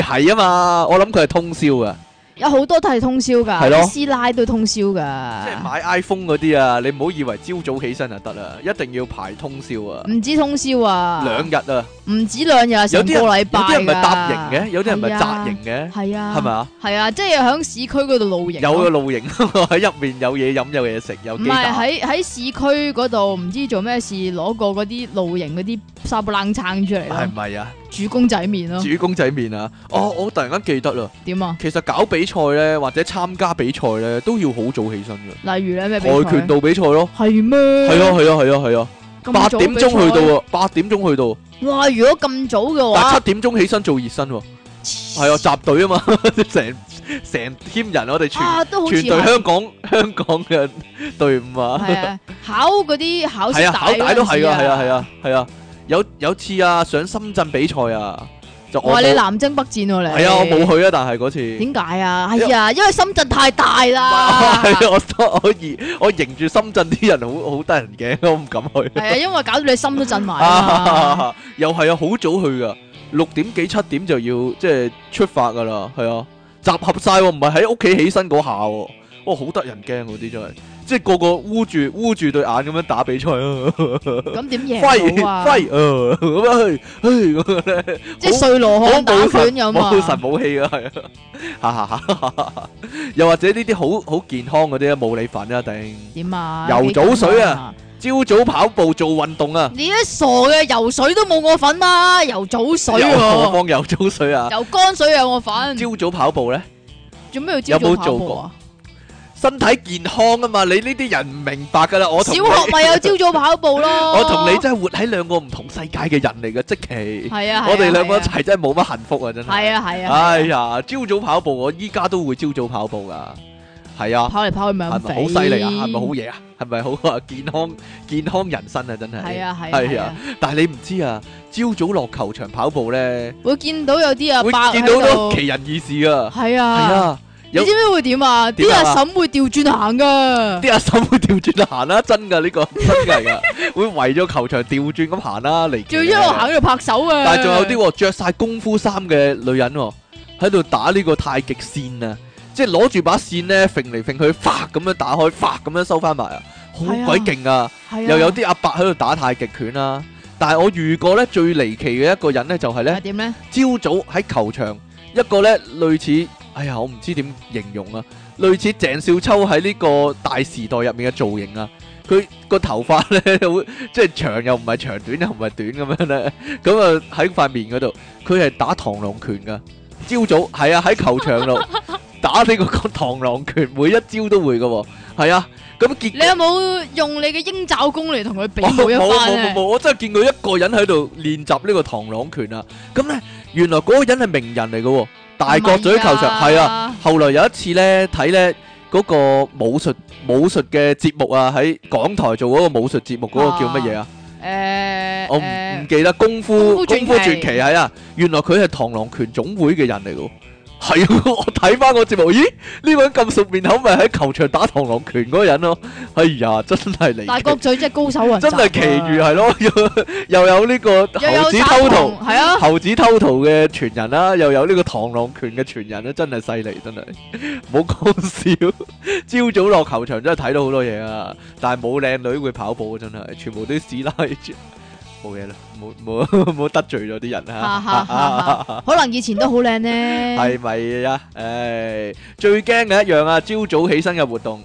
係啊嘛，我諗佢係通宵㗎。有好多都係通宵噶，係咯，師奶都通宵噶。即係買 iPhone 嗰啲啊，你唔好以為朝早起身就得啦，一定要排通宵啊。唔止通宵啊，兩日啊，唔止兩日，成個禮拜有。有啲人唔係搭營嘅，有啲人唔係紮營嘅，係啊，係咪啊？係啊，即係響市區嗰度露營，啊。 有嘅露營喺入面有嘢飲有嘢食有。啲。喺喺市區嗰度唔知做咩事攞個嗰啲露營嗰啲沙布冷撐出嚟咯。係唔係啊？煮公仔麵咯，煮公仔麵啊！哦，我突然間記得啦。點啊？其實搞比賽咧，或者參加比賽咧，都要好早起身㗎。例如咧咩比賽？跆拳道比賽咯。係咩？係啊係啊係啊係啊！八點鐘去到啊，八點鐘去到。哇！如果咁早嘅話，七點鐘起身做熱身，係啊，集隊啊嘛，成成 team 人，我哋全全隊香港香港嘅隊伍啊。係考嗰啲考試帶都係啊，係啊係啊係啊。有有次啊，上深圳比賽啊，就話你南征北戰喎你。係啊，哎、我冇去啊，但係嗰次。點解啊？係、哎、啊，因為深圳太大啦。係、哎、啊，我我二我迎住深圳啲人好好得人驚，我唔敢去。係啊，因為搞到你心都震埋、啊 啊。又係啊，好早去噶，六點幾七點就要即係、就是、出發噶啦，係啊，集合晒喎、啊，唔係喺屋企起身嗰下喎、啊，哇，好得人驚嗰啲真係。即係個個烏住烏住對眼咁樣打比賽啊！咁點贏啊？揮揮啊！咁樣去去咁嘅咧，即係碎羅漢打拳又嘛？好神武器啊！係啊！哈哈哈！又或者呢啲好好健康嗰啲啊？冇你份一定。點啊？游早水啊！朝早跑步做運動啊！你啲傻嘅游水都冇我份嘛？游早水喎！何方游早水啊？游乾水有我份。朝早跑步咧？有冇做過？身體健康啊嘛！你呢啲人唔明白噶啦，我小學咪有朝早跑步咯。我同你真係活喺兩個唔同世界嘅人嚟嘅，即係我哋兩個一齊真係冇乜幸福啊！真係。係啊係啊。哎呀，朝早跑步，我依家都會朝早跑步噶。係啊，跑嚟跑去咪好犀利啊！係咪好嘢啊？係咪好啊？健康健康人生啊！真係。係啊係啊。係啊，但係你唔知啊，朝早落球場跑步咧，會見到有啲阿伯，會見到奇人異事啊。係啊係啊。你知唔知會點啊？啲阿嬸會調轉行噶，啲阿嬸會調轉行啦，真噶，呢個真係噶，會圍咗球場調轉咁行啦，嚟。仲一路行喺度拍手啊！但係仲有啲着晒功夫衫嘅女人喺度打呢個太極扇啊，即係攞住把扇咧揈嚟揈去，發咁樣打開，發咁樣收翻埋啊，好鬼勁啊！又有啲阿伯喺度打太極拳啦。但係我遇過咧最離奇嘅一個人咧，就係咧點咧？朝早喺球場一個咧類似。哎呀，我唔知點形容啊，類似鄭少秋喺呢個大時代入面嘅造型啊，佢個頭髮咧，即係長又唔係長短又唔係短咁樣咧，咁啊喺塊面嗰度，佢係打螳螂拳噶，朝早係啊喺球場度打呢個個螳螂拳，每一招都會噶，係啊，咁結你有冇用你嘅鷹爪功嚟同佢比一翻咧？冇冇冇冇，我真係見過一個人喺度練習呢個螳螂拳啊，咁咧原來嗰個人係名人嚟嘅。大角咀球場係啊，啊，後來有一次呢睇呢嗰個武術武術嘅節目啊，喺港台做嗰個武術節目嗰個叫乜嘢啊？誒，我唔記得功夫，功夫傳奇係啊，原來佢係螳螂拳總會嘅人嚟㗎喎。係 我睇翻個節目，咦？呢個咁熟面口，咪喺球場打螳螂拳嗰人咯？哎呀，真係嚟！大角嘴真係高手啊！真係奇遇係咯，又有呢個猴子偷桃，係啊，猴子偷桃嘅傳人啦，又有呢個螳螂拳嘅傳人啦，真係犀利，真係。唔好講笑，朝 早落球場真係睇到好多嘢啊！但係冇靚女會跑步，真係，全部都屎拉住。冇嘢啦，冇冇冇得罪咗啲人啊！可能以前都好靚呢，係咪呀？誒，最驚嘅一樣啊，朝早起身嘅活動，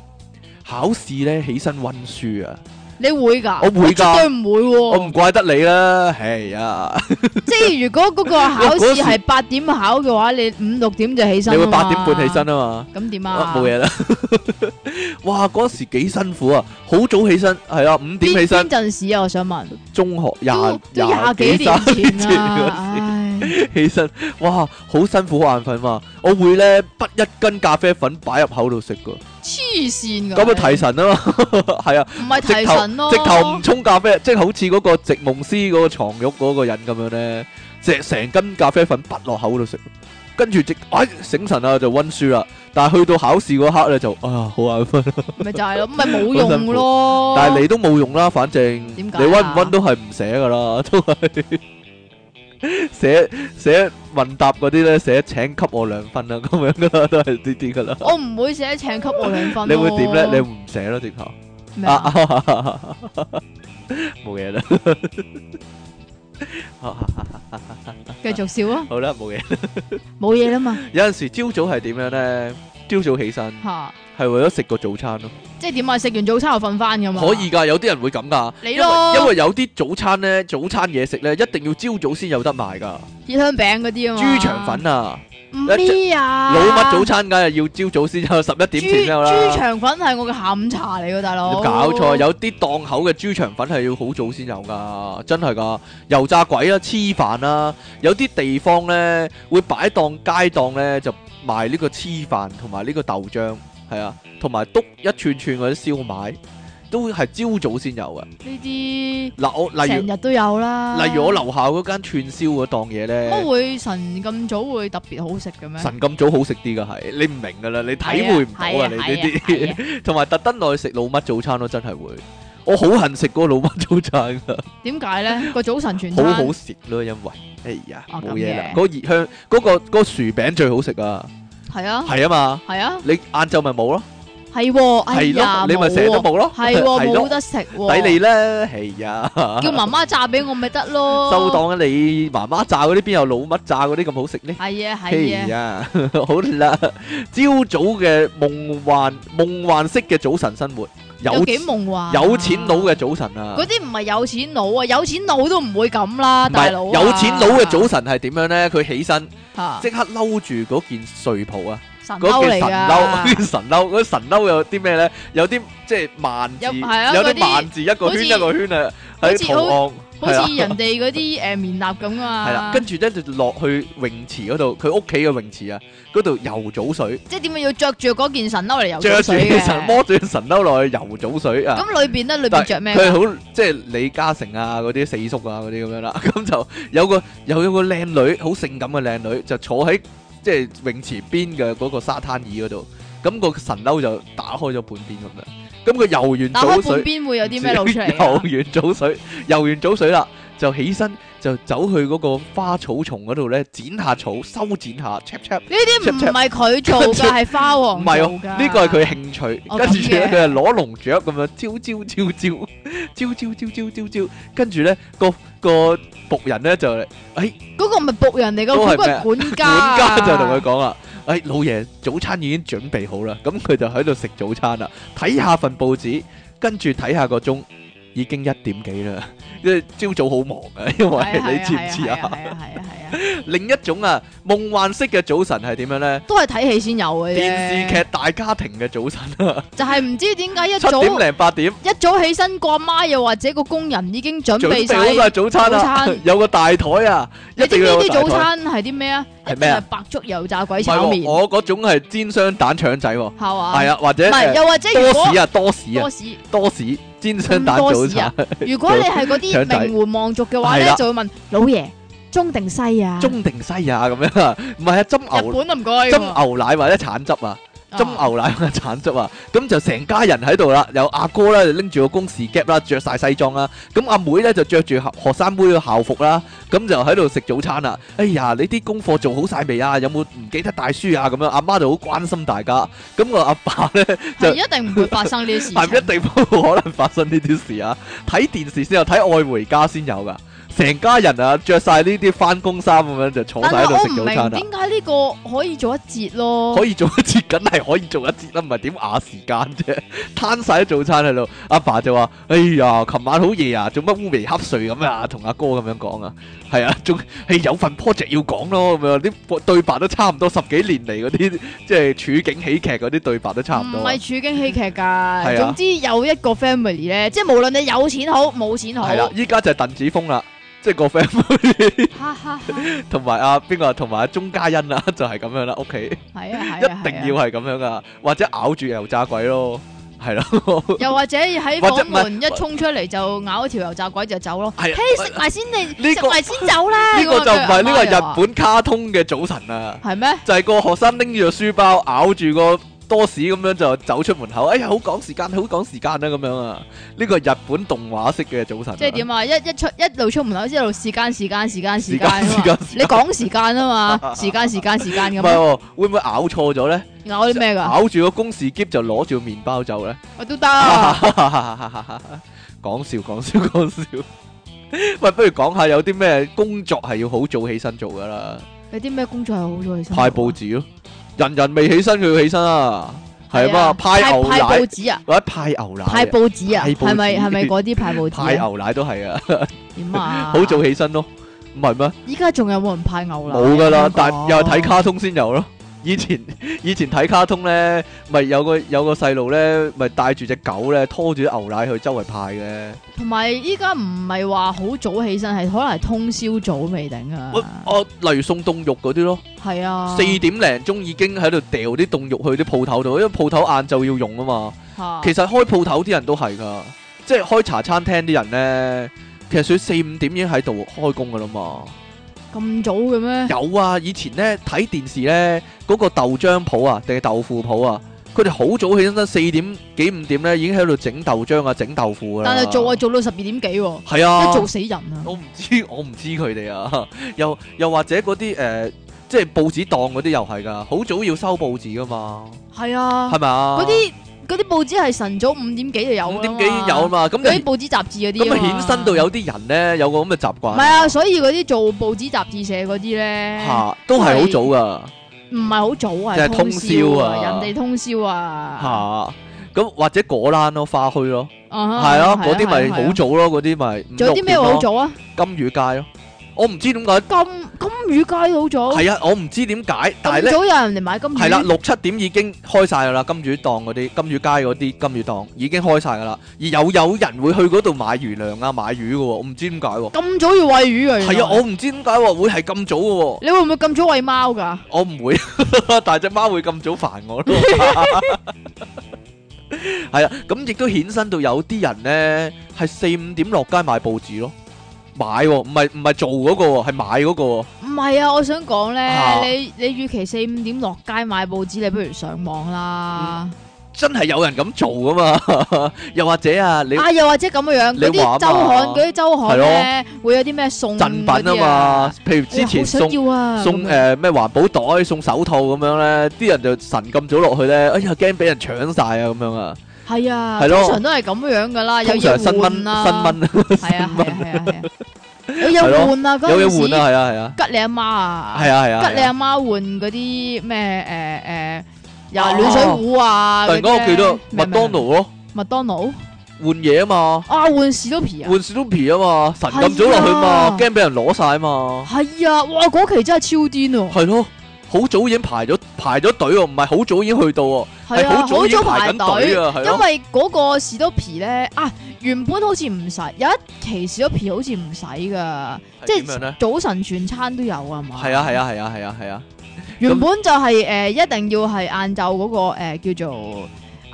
考試咧起身溫書啊！你會噶？我會噶，絕對唔會喎。我唔怪得你啦，係啊。即係如果嗰個考試係八點考嘅話，你五六點就起身。你會八點半起身啊嘛？咁點啊？冇嘢啦。哇！嗰時幾辛苦啊，好早起身，係啊，五點起身陣時啊，我想問。中學廿廿幾年前啦，起身哇，好辛苦好眼瞓嘛。我會咧，舀一羹咖啡粉擺入口度食嘅。黐線，咁咪提神 對啊嘛，係啊，唔係提神咯，直頭，直頭唔沖咖啡，即係好似嗰個《席夢思》嗰個牀褥嗰個人咁樣咧，直成根咖啡粉畢落口度食，跟住直，哎醒神啊就溫書啦，但係去到考試嗰刻咧就啊好眼瞓，咪就係辛咯，咪冇用咯，但係嚟都冇用啦，反正點解你溫唔溫都係唔寫噶啦，都係。寫寫問答嗰啲咧，寫請給我兩分啊，咁樣噶啦，都係啲啲噶啦。我唔會寫請給我兩分。你會點咧？你唔寫咯，直頭。咩啊？冇嘢啦。繼續笑啊！好啦，冇嘢。冇嘢啦嘛。有陣時朝早係點樣咧？朝早起身。吓。係為咗食個早餐咯，即係點啊？食完早餐又瞓翻咁嘛？可以噶，有啲人會咁噶。你咯，因，因為有啲早餐咧，早餐嘢食咧，一定要朝早先有得賣噶。熱香餅嗰啲啊，豬腸粉啊，咩啊？老乜早餐梗係要朝早先，十一點豬前先有啦。豬腸粉係我嘅下午茶嚟噶，大佬。搞錯，有啲檔口嘅豬腸粉係要好早先有噶，真係噶。油炸鬼啦、啊，黐飯啦，有啲地方咧會擺檔街檔咧就賣呢個黐飯同埋呢個豆漿。係啊，同埋篤一串串嗰啲燒賣，都係朝早先有噶。呢啲嗱，我成日都有啦。例如我樓下嗰間串燒嗰檔嘢咧，會晨咁早會特別好食嘅咩？晨咁早好食啲噶，係你唔明噶啦，你體會唔到啊？呢啲同埋特登落去食老乜早餐咯，真係會。我好恨食嗰個老乜早餐噶。點解咧？個早晨全好好食咯，因為哎呀冇嘢啦，嗰熱香嗰個嗰薯餅最好食啊！係啊，係啊嘛，係啊，你晏晝咪冇咯，係係啊，你咪成日都冇咯，係冇得食，抵你咧，係啊，叫媽媽炸俾我咪得咯，收檔啊你，媽媽炸嗰啲，邊有老麥炸嗰啲咁好食咧？係啊係啊，好啦，朝早嘅夢幻夢幻式嘅早晨生活。有幾夢幻？有錢佬嘅早晨啊！嗰啲唔係有錢佬啊，有錢佬都唔會咁啦，啊，大佬唔係。啊、有錢佬嘅早晨係點樣咧？佢起身，即、啊、刻嬲住嗰件睡袍啊！神嬲神嬲，嗰啲神嬲有啲咩咧？有啲即係萬字，啊、有啲萬字，些字一個圈像一個圈啊，喺圖案。好似人哋嗰啲誒棉衲咁啊！係啦，跟住咧就落去泳池嗰度，佢屋企嘅泳池啊，嗰度游早水。即係點解要着住嗰件神褸嚟游早水嘅？著住神摸住神褸落去游早水啊！咁裏邊咧，裏邊着咩？佢好即係李嘉誠啊，嗰啲四叔啊，嗰啲咁樣啦。咁就有個又有個靚女，好性感嘅靚女，就坐喺即係泳池邊嘅嗰個沙灘椅嗰度。咁個神褸就打開咗半邊咁樣。咁佢游完早水，游完早水，游完早水啦。就起身就走去嗰個花草叢嗰度咧，剪下草，修剪下，呢啲唔係佢做嘅，係花王做嘅。呢個係佢興趣。跟住佢係攞龍雀咁樣招招招招招招招招招，跟住咧個個僕人咧就，哎，嗰個唔係僕人嚟㗎，嗰個管家。管家就同佢講啦，哎，老爺，早餐已經準備好啦，咁佢就喺度食早餐啦，睇下份報紙，跟住睇下個鐘。已經一點幾啦，因為朝早好忙嘅，因為你知唔知啊？係啊係啊另一種啊，夢幻式嘅早晨係點樣咧？都係睇戲先有嘅。電視劇大家庭嘅早晨啊，就係唔知點解一早七點零八點，一早起身，個媽又或者個工人已經準備晒早餐，早餐有個大台啊，你知呢啲早餐係啲咩啊？係咩？白粥、油炸鬼、炒麵。我嗰種係煎雙蛋腸仔，係嘛？係啊，或者係，又或者如果多士啊，多士、多士。煎蛋多士。餐、啊。彈如果你係嗰啲名門望族嘅話呢，就 的會問老爺中定西啊？中定西啊咁樣。唔係啊，斟牛，一本都唔該。斟、啊、牛奶或者橙汁啊。斟牛奶嘅橙汁啊，咁、啊嗯、就成家人喺度啦。有阿哥呢，就拎住個公事夾啦，着晒西裝啦、啊。咁、嗯、阿妹呢，就着住學生妹嘅校服啦、啊。咁、嗯、就喺度食早餐啦、啊。哎呀，你啲功課做好晒未啊？有冇唔記得帶書啊？咁樣阿媽就好關心大家。咁我阿爸呢，就 一定唔會發生呢啲事，係 一定不可能發生呢啲事啊！睇電視先有，睇愛回家先有㗎。成家人啊，着晒呢啲翻工衫咁樣就坐曬喺度食早餐啊！點解呢個可以做一節咯？ 可以做一節，梗係可以做一節啦，唔係點壓時間啫？ 攤晒啲早餐喺度，阿爸，爸就話：哎呀，琴晚好夜啊，做乜烏眉瞌睡咁啊？同阿哥咁樣講啊，係啊，仲係有份 project 要講咯，咁樣啲對白都差唔多十幾年嚟嗰啲，即、就、係、是、處境喜劇嗰啲對白都差唔多。唔係處境喜劇㗎， 啊、總之有一個 family 咧，即係無論你有錢好冇錢好。係啊，依家就係鄧子峰啦。即係個 family，同埋阿邊個，同埋阿鐘嘉欣啊，就係咁樣啦。屋企係啊，一定要係咁樣啊，或者咬住油炸鬼咯，係咯。又或者喺房門一衝出嚟就咬一條油炸鬼就走咯。嘿，食埋先，你食埋先走啦。呢個就唔係呢個日本卡通嘅早晨啊。係咩？就係個學生拎住個書包咬住個多士咁樣就走出門口，哎呀，好趕時間，好趕時間啊，咁樣啊，呢個日本動畫式嘅早晨、啊。即係點啊？一一出一路出門口之後，時間時間時間間時間，時間你講時間啊嘛？ 時間時間時間咁。唔係、 哦，會唔會咬錯咗咧？咬啲咩噶？咬住個公事表就攞住麵包走咧？我都得、啊。講， 笑，講笑，講笑。喂， 不如講下有啲咩工作係要好早起身做噶啦？有啲咩工作係好早起身？派報紙咯。人人未起身佢要起身啊，係啊嘛，派牛奶，派,派報紙啊，派牛奶、啊，派報紙啊，係咪係咪嗰啲派報紙？派牛奶都係啊，點 啊？ 好早起身咯，唔係咩？依家仲有冇人派牛奶？冇㗎啦，但又係睇卡通先有咯。以前以前睇卡通呢，咪有個有個細路呢，咪帶住隻狗呢，拖住啲牛奶去周圍派嘅。同埋依家唔係話好早起身，係可能係通宵早未定啊。我、啊、例如送凍肉嗰啲咯，係啊，四點零鐘已經喺度掉啲凍肉去啲鋪頭度，因為鋪頭晏晝要用啊嘛。啊其實開鋪頭啲人都係噶，即係開茶餐廳啲人呢，其實佢四五點已經喺度開工噶啦嘛。咁早嘅咩？有啊！以前咧睇電視咧，嗰個豆漿鋪啊，定係豆腐鋪啊，佢哋好早起身得四點幾五點咧，已經喺度整豆漿啊，整豆腐啊。但係做啊，做到十二點幾，係啊，做死人啊！我唔知，我唔知佢哋啊，又又或者嗰啲誒，即係報紙檔嗰啲又係噶，好早要收報紙噶嘛。係啊，係咪啊？嗰啲。嗰啲報紙係晨早五點幾就有啊嘛，五點幾有啊嘛，咁嗰啲報紙雜誌嗰啲，咁啊衍生到有啲人咧有個咁嘅習慣。係啊，所以嗰啲做報紙雜誌社嗰啲咧，嚇都係好早噶，唔係好早啊，即係通宵啊，人哋通宵啊。嚇咁或者果欄咯，花墟咯，係啊，嗰啲咪好早咯，嗰啲咪。有啲咩好早啊？金魚街咯。我唔知點解，金金魚街好早？係啊！我唔知點解，但係咧早有人嚟買金魚係啦，六七點已經開曬啦。金魚檔嗰啲金魚街嗰啲金魚檔已經開曬噶啦，而有有人會去嗰度買魚糧啊，買魚嘅喎，我唔知點解喎。咁早要餵魚啊？係啊，我唔知點解喎，會係咁早嘅喎。你會唔會咁早餵貓㗎？我唔會，但係隻貓會咁早煩我咯。係啊，咁亦都衍生到有啲人咧係四五點落街買報紙咯。買喎、哦，唔係唔係做嗰、那個喎，係買嗰、那個喎。唔係啊，我想講咧，啊、你你預期四五點落街買報紙，你不如上網啦、嗯。真係有人咁做噶嘛？ 又或者啊，你啊，又或者咁嘅樣，嗰啲周刊，嗰啲周刊咧，咯會有啲咩送贈品啊嘛？譬如之前送、哎、要啊，送誒咩、呃、環保袋、送手套咁樣咧，啲人就神咁早落去咧，哎呀，驚俾人搶晒啊咁樣啊！係啊，通常都係咁樣噶啦，有嘢換啊，新蚊啊，係啊，有嘢換啊，有嘢換啊，係啊，係啊，吉你阿媽啊，係啊，吉你阿媽換嗰啲咩誒誒，又暖水壺啊，突然間我記到麥當勞咯，麥當勞換嘢啊嘛，啊換士多啤啊，換士多啤啊嘛，神咁早落去嘛，驚俾人攞晒嘛，係啊，哇嗰期真係超癲啊，係咯。好早已經排咗排咗隊喎，唔係好早已經去到喎，係啊，好早已經排緊隊啊！因為嗰個士多啤梨啊，原本好似唔使，有一期士多啤梨好似唔使㗎，即係早晨全餐都有啊嘛？係啊係啊係啊係啊係啊！原本就係誒一定要係晏晝嗰個誒叫做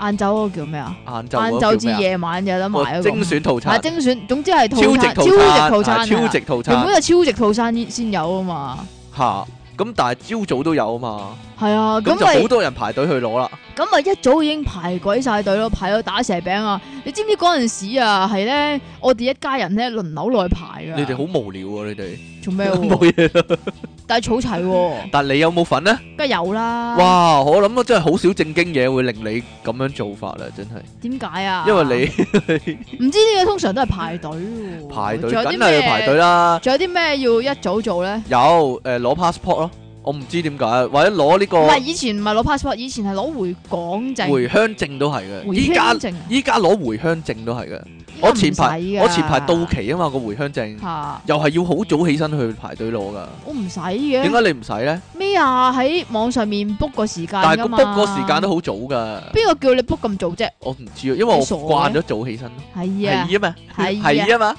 晏晝嗰個叫咩啊？晏晝至夜晚有得買嗰個精選套餐，精選，總之係套餐超值套餐，超值套餐，原本係超值套餐先有啊嘛？嚇！咁但係朝早都有啊嘛。係啊，咁就好多人排隊去攞啦是。咁啊，一早已經排鬼晒隊咯，排到打蛇餅啊！你知唔知嗰陣時啊，係咧我哋一家人咧輪流來排啊。你哋好無聊啊！你哋做咩？冇嘢。 事了 但係儲齊喎。但係你有冇份呢？梗係有啦。哇！我諗我真係好少正經嘢會令你咁樣做法啦，真係。點解啊？因為你唔 知呢個通常都係排隊。排隊。再啲咩要排隊啦？仲有啲咩要一早做咧？有誒，攞 passport 咯。我唔知點解，或者攞呢個唔係以前唔係攞 passport，以前係攞回港證，回鄉證都係嘅。依家，依家攞回鄉證都係嘅。我前排我前排到期啊嘛個回鄉證，又係要好早起身去排隊攞噶。我唔使嘅。點解你唔使咧？咩啊？喺網上面 book 個時間噶嘛但係咁 book 個時間都好早噶。邊個叫你 book 咁早啫？我唔知啊，因為我慣咗早起身。係啊。係啊嘛。係啊嘛。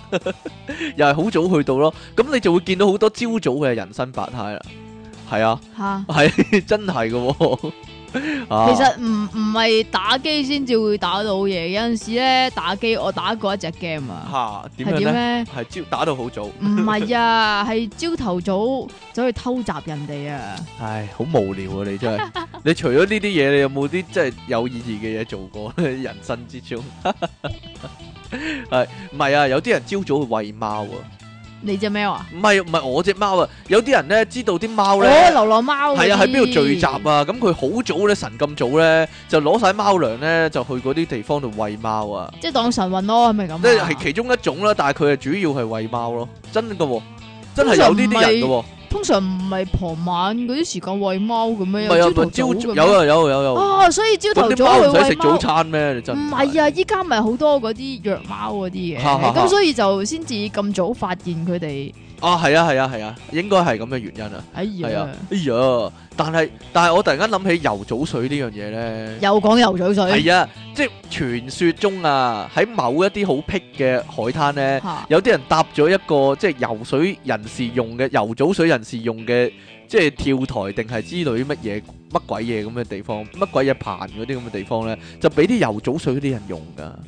又係好早去到咯，咁你就會見到好多朝早嘅人生百態啦。係啊，吓？係真係噶， 其實唔唔係打機先至會打到嘢，有陣時咧打機我打過一隻 game 啊，吓？點？係點咧？係朝打到好早，唔係啊，係朝頭早走去偷襲人哋啊！唉，好無聊啊！你真係， 你除咗呢啲嘢，你有冇啲即係有意義嘅嘢做過？人生之中係，唔 係啊，有啲人朝早去餵貓啊。你隻貓啊？唔係唔係我隻貓啊！有啲人咧知道啲貓咧、哦，流浪貓係啊，喺邊度聚集啊，咁佢好早咧，晨咁早咧，就攞晒貓糧咧，就去嗰啲地方度餵貓啊！即係當晨運咯、啊，係咪咁？即係其中一種啦，但係佢啊主要係餵貓咯，真噶喎、啊，真係、啊、有呢啲人噶、啊、喎。通常唔係傍晚嗰啲時間餵貓咁樣，唔係有朝有啊有有有，有，有啊，所以朝頭早唔使食早餐咩？真唔係啊！依家咪好多嗰啲藥貓嗰啲嘢，咁、啊、所以就先至咁早發現佢哋。啊，係啊，係啊，係啊，應該係咁嘅原因啊，係、哎、呀啊，哎呀，但係但係我突然間諗起游早水呢樣嘢呢。又講游早水，係啊，即係傳說中啊，喺某一啲好僻嘅海灘呢，有啲人搭咗一個即係游水人士用嘅游早水人士用嘅即係跳台定係之類乜嘢乜鬼嘢咁嘅地方，乜鬼嘢棚嗰啲咁嘅地方呢，就俾啲游早水嗰啲人用噶。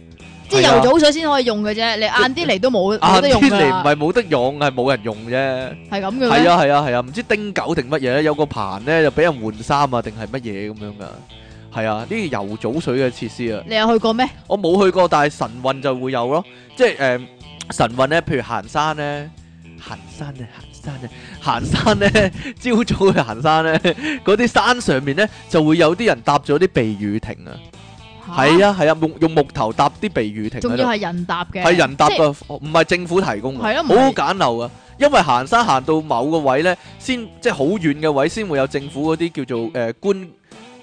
即係游早水先可以用嘅啫，你晏啲嚟都冇得用噶。晏啲嚟唔係冇得用，係冇人用啫。係咁嘅。係啊係啊係啊，唔知丁九定乜嘢？有個棚咧就俾人換衫啊，定係乜嘢咁樣噶？係啊，呢啲游早水嘅設施啊。你有去過咩？我冇去過，但係晨運就會有咯。即係誒，晨運咧，譬如行山咧，行山咧，行山咧，行山咧，朝早去行山咧，嗰啲山上面咧就會有啲人搭咗啲避雨亭啊。係啊係啊，木、啊啊、用，用木頭搭啲避雨亭，仲要係人搭嘅，係人搭噶，唔係即政府提供嘅，啊、好，好簡陋啊！因為行山行到某個位咧，先即係好遠嘅位，先會有政府嗰啲叫做誒、嗯呃、官。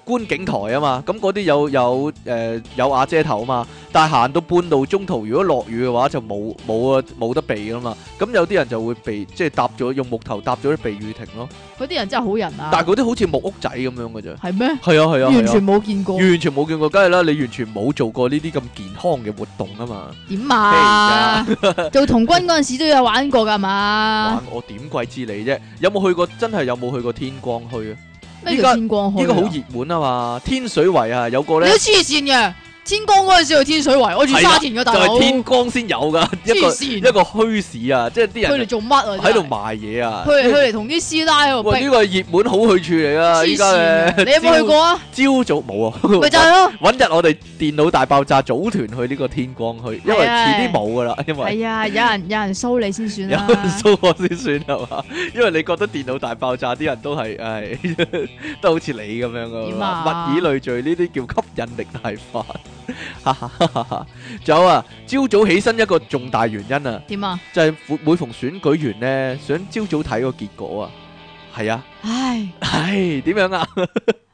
觀景台啊嘛，咁嗰啲有有誒、呃、有瓦遮頭啊嘛，但係行到半路中途，如果落雨嘅話，就冇冇啊冇得避㗎嘛，咁有啲人就會避，即係搭咗用木頭搭咗啲避雨亭咯。嗰啲人真係好人啊！但係嗰啲好似木屋仔咁樣嘅啫，係咩？係啊係啊，啊啊啊完全冇見過，完全冇見過，梗係啦，你完全冇做過呢啲咁健康嘅活動啊嘛？點啊？ 做童軍嗰陣時都有玩過㗎嘛？玩我點鬼知你啫？有冇去過？真係有冇去過天光墟啊？依家依家好熱門啊嘛，天水圍啊有個咧黐線嘅。天光嗰陣時去天水圍，我住沙田嘅大屋。就係天光先有噶，一個一個虛市啊，即係啲人。佢哋做乜啊？喺度賣嘢啊？去嚟去嚟同啲師奶。喂，呢個熱門好去處嚟啊！依家你有冇去過啊？朝早冇啊。咪就係咯。搵日我哋電腦大爆炸組團去呢個天光去，因為遲啲冇噶啦，因為。係啊，有人有人收你先算有人收我先算係嘛？因為你覺得電腦大爆炸啲人都係，唉，都好似你咁樣咯。物以類聚呢啲叫吸引力大法。哈哈哈哈哈！仲 有啊，朝早起身一個重大原因啊，點啊？就係每逢選舉完呢，想朝早睇個結果啊，係啊，唉，係點樣啊？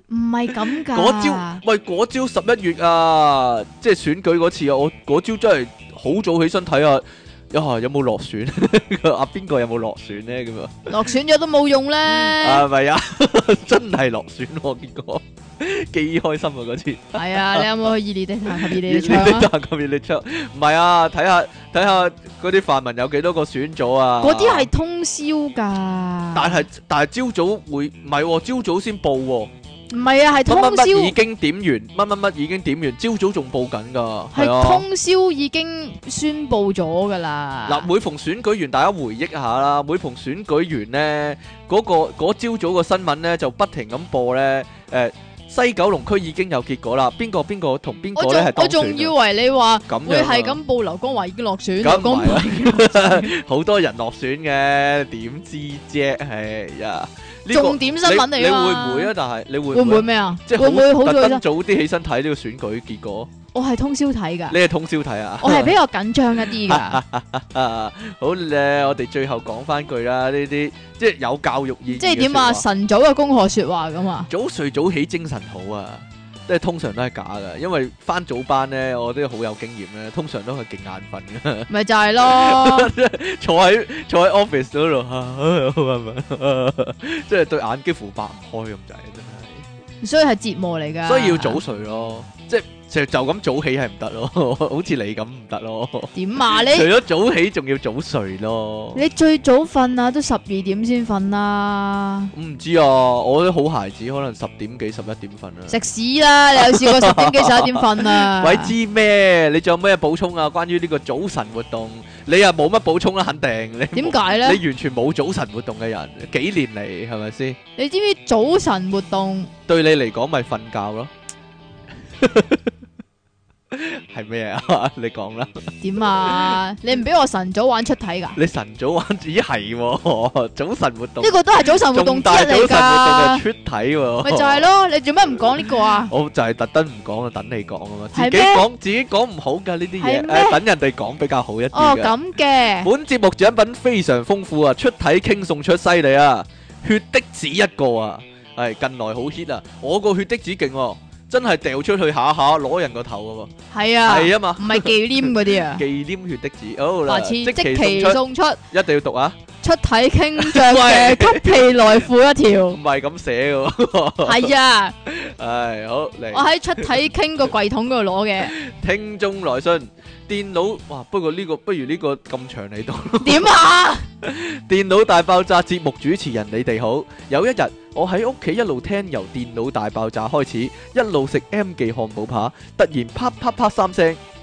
唔係咁噶，嗰朝喂，嗰朝十一月啊，即係選舉嗰次啊，我嗰朝真係好早起身睇啊。有冇落選啊？邊 個有冇落選呢？咁、 嗯、啊，啊 落選咗都冇用啦。係咪啊？真係落選喎，結果幾開心啊！嗰次係啊 哎，你有冇去意大利？意大利桌？意大利桌？意大唔係啊，睇下睇下嗰啲泛民有幾多個選組啊？嗰啲係通宵噶。但係但係朝早會唔係？朝、啊、早先報、啊。唔係啊，係通宵。乜乜乜已經點完，乜乜乜已經點完，朝早仲報緊噶。係啊，通宵已經宣布咗噶啦。嗱，每逢選舉完，大家回憶下啦。每逢選舉完咧，嗰個嗰朝早個新聞咧就不停咁播咧。誒，西九龍區已經有結果啦，邊個邊個同邊個咧係當選？我仲以為你話會係咁報，劉江華已經落選。咁唔係，好多人落選嘅，點知啫？係啊。這個，重點新聞嚟㗎！你會唔會啊？但係你會會唔會咩啊？即係會唔會好早啲起身睇呢個選舉結果？我係通宵睇噶。你係通宵睇啊？ 我係比較緊張一啲噶 好。啊，好咧！我哋最後講翻句啦，呢啲即係有教育意義。即係點啊？晨早嘅功課說話噶嘛？早睡早起精神好啊！即係通常都係假㗎，因為翻早班咧，我啲好有經驗咧，通常都係勁眼瞓嘅，咪就係咯， 坐喺坐喺 office 度，即係對眼幾乎擘唔開咁滯，真係，所以係折磨嚟㗎，所以要早睡咯，即係。就就咁早起係唔得咯，好似你咁唔得咯。點啊？你除咗早起，仲要早睡咯。你最早瞓啊，都十二點先瞓啦。唔知啊，我啲好孩子可能十點幾、十一點瞓啊。食屎啦！你有試過十點幾、十一點瞓啊？鬼知咩？你仲有咩補充啊？關於呢個早晨活動，你又冇乜補充啊？肯定你點解呢？你完全冇早晨活動嘅人，幾年嚟係咪先？你知唔知早晨活動？對你嚟講，咪瞓覺咯。係咩 說吧 啊？你講啦。點啊？你唔俾我晨早玩出體噶？ 你晨早玩自己係？早 晨活動呢個都係早晨活動之一嚟噶。早出體喎。咪就係咯，你做咩唔講呢個啊？ 我就係特登唔講啊，等你講啊嘛。嗎自己講自己講唔好噶呢啲嘢，等人哋講比較好一啲。哦，咁嘅。本節目獎品非常豐富啊！出體傾送出犀利啊！血滴子一個啊，係、哎、近來好 hit 啊！我個血滴子勁、啊。真係掉出去下下攞人個頭噶喎，係啊，係啊嘛，唔係忌廉嗰啲啊，忌廉血的字，哦，即即期送出，一定要讀啊，出體 king 着蛇，吸屁內褲一條，唔係咁寫噶喎，係啊，唉，好嚟，我喺出體 king 個櫃桶嗰度攞嘅，聽眾來信，電腦哇，不過呢個不如呢個咁長嚟讀，點啊，電腦大爆炸節目主持人，你哋好，有一日。我喺屋企一路聽由電腦大爆炸開始，一路食 M 記漢堡扒，突然啪啪啪三聲。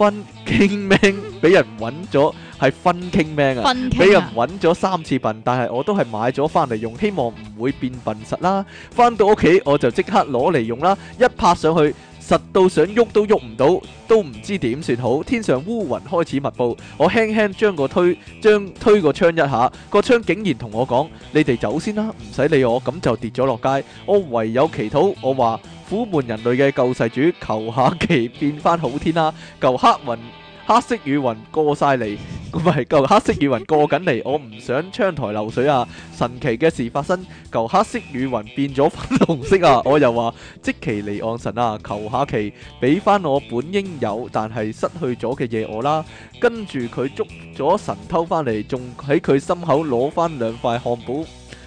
分傾名俾人揾咗係分傾名啊！俾、啊、人揾咗三次笨，但係我都係買咗翻嚟用，希望唔會變笨實啦。翻到屋企我就即刻攞嚟用啦，一拍上去實到想喐都喐唔到，都唔知點算好。天上烏雲開始密布，我輕輕將個推將推個窗一下，個窗竟然同我講：你哋走先啦，唔使理我。咁就跌咗落街，我唯有祈禱，我話。虎門人類嘅救世主，求下淇變翻好天啦、啊！嚿黑雲、黑色雨雲過晒嚟，唔係嚿黑色雨雲過緊嚟，我唔想窗台流水啊！神奇嘅事發生，嚿黑色雨雲變咗粉紅色啊！我又話積淇離岸神啊，求下淇俾翻我本應有但係失去咗嘅嘢我啦，跟住佢捉咗神偷翻嚟，仲喺佢心口攞翻兩塊漢堡。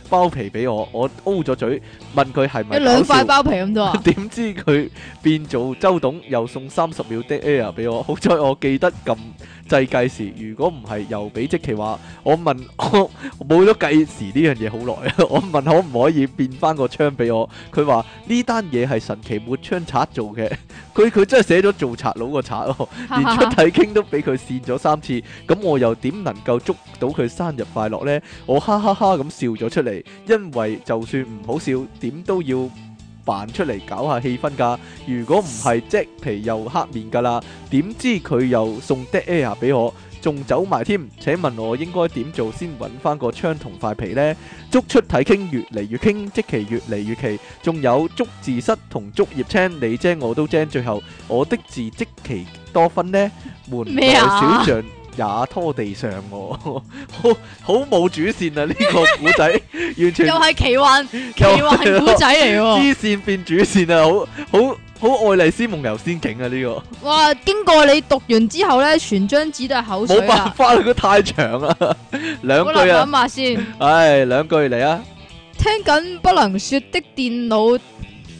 包皮俾我，我 O 咗嘴，問佢係咪，你兩塊包皮咁多啊？點 知佢變做周董，又送三十秒的 air 俾我，好彩我記得咁制計時，如果唔係又俾積淇話，我問我冇咗計時呢樣嘢好耐啊！ 我問可唔可以變翻個槍俾我？佢話呢單嘢係神奇抹槍賊做嘅，佢 佢真係寫咗做賊佬個賊哦，連出體 king 都俾佢扇咗三次，咁、嗯、我又點能夠捉到佢生日快樂呢？我哈哈哈咁笑咗出嚟，因為就算唔好笑，點都要。扮出嚟搞下氣氛㗎，如果唔係即皮又黑面㗎啦。點知佢又送 dead air 俾我，仲走埋添。請問我應該點做先揾翻個槍同塊皮呢？捉出體傾越嚟越傾，即期越嚟越期。仲有捉字室同捉葉青，你精我都精。最後我的字即期多分呢？門內小象。也拖地上，哦，好好冇主線啊！呢、這個古仔 完全又係奇幻奇幻係古仔嚟喎，支線變主線啊！好好好，好愛麗絲夢遊仙境啊！呢、這個哇，經過你讀完之後咧，全張紙都係口水啊！冇辦法佢太長啦，兩 句啊。好難諗下先，哎。唉，兩句嚟啊！聽緊不能說的電腦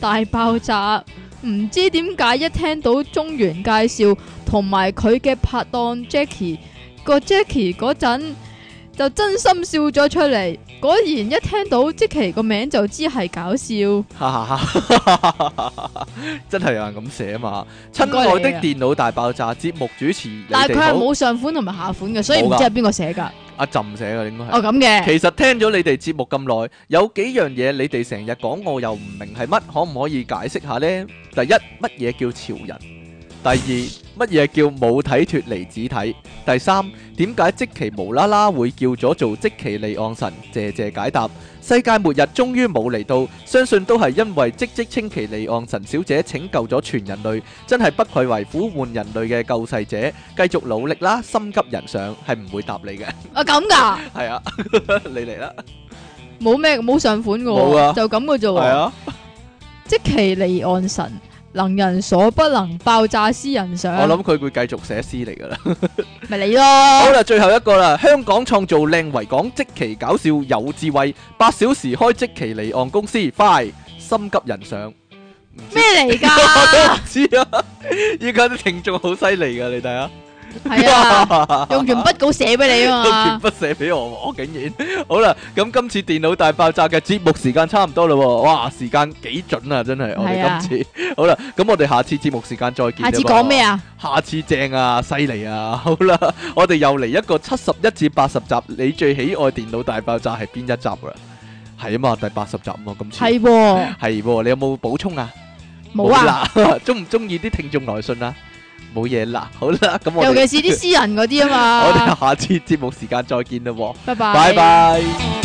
大爆炸，唔知點解一聽到中原介紹。同埋佢嘅拍檔 Jackie，個 Jackie 嗰陣就真心笑咗出嚟，果然一聽到積淇個名就知係搞笑。哈哈哈！真係有人咁寫嘛？親愛的電腦大爆炸節目主持人。但係佢係冇上款同埋下款嘅，所以唔知係邊個寫噶。阿朕寫嘅應該係。哦咁嘅。其實聽咗你哋節目咁耐，有幾樣嘢你哋成日講，我又唔明係乜，可唔可以解釋下呢？第一，乜嘢叫潮人？第二，乜嘢叫母體脫離子體？第三，點解積淇無啦啦會叫咗做積淇離岸神？謝謝解答。世界末日終於冇嚟到，相信都係因為積積清淇離岸神小姐拯救咗全人類，真係不愧為苦換人類嘅救世者。繼續努力啦，心急人上係唔會答你嘅。啊咁噶？係啊，你嚟啦，冇咩冇上款嘅，就咁嘅啫。積淇離岸神。能人所不能，爆炸私人相。我諗佢會繼續寫詩嚟噶啦。咪你咯。好啦，最後一個啦。香港創造靚維港，積淇搞笑有智慧，八小時開積淇離岸公司，快心急人上。咩嚟噶？知啊！而家啲聽眾好犀利噶，你睇下。係啊，用鉛筆稿寫俾你啊嘛，用鉛筆寫俾我，我竟然好啦。咁今次電腦大爆炸嘅節目時間差唔多啦，哇，時間幾準啊，真係我哋今次好啦。咁我哋下次節目時間再見啦。下次講咩啊？下次正啊，犀利啊。好啦，我哋又嚟一個七十一至八十集，你最喜愛電腦大爆炸係邊一集啦？係啊嘛，第八十集嘛，今次係係，你有冇補充啊？冇啊？中唔中意啲聽眾來信啊？冇嘢啦，好啦，咁我尤其是啲私人嗰啲啊嘛， 我哋下次節目時間再見啦，喎，拜拜，拜拜。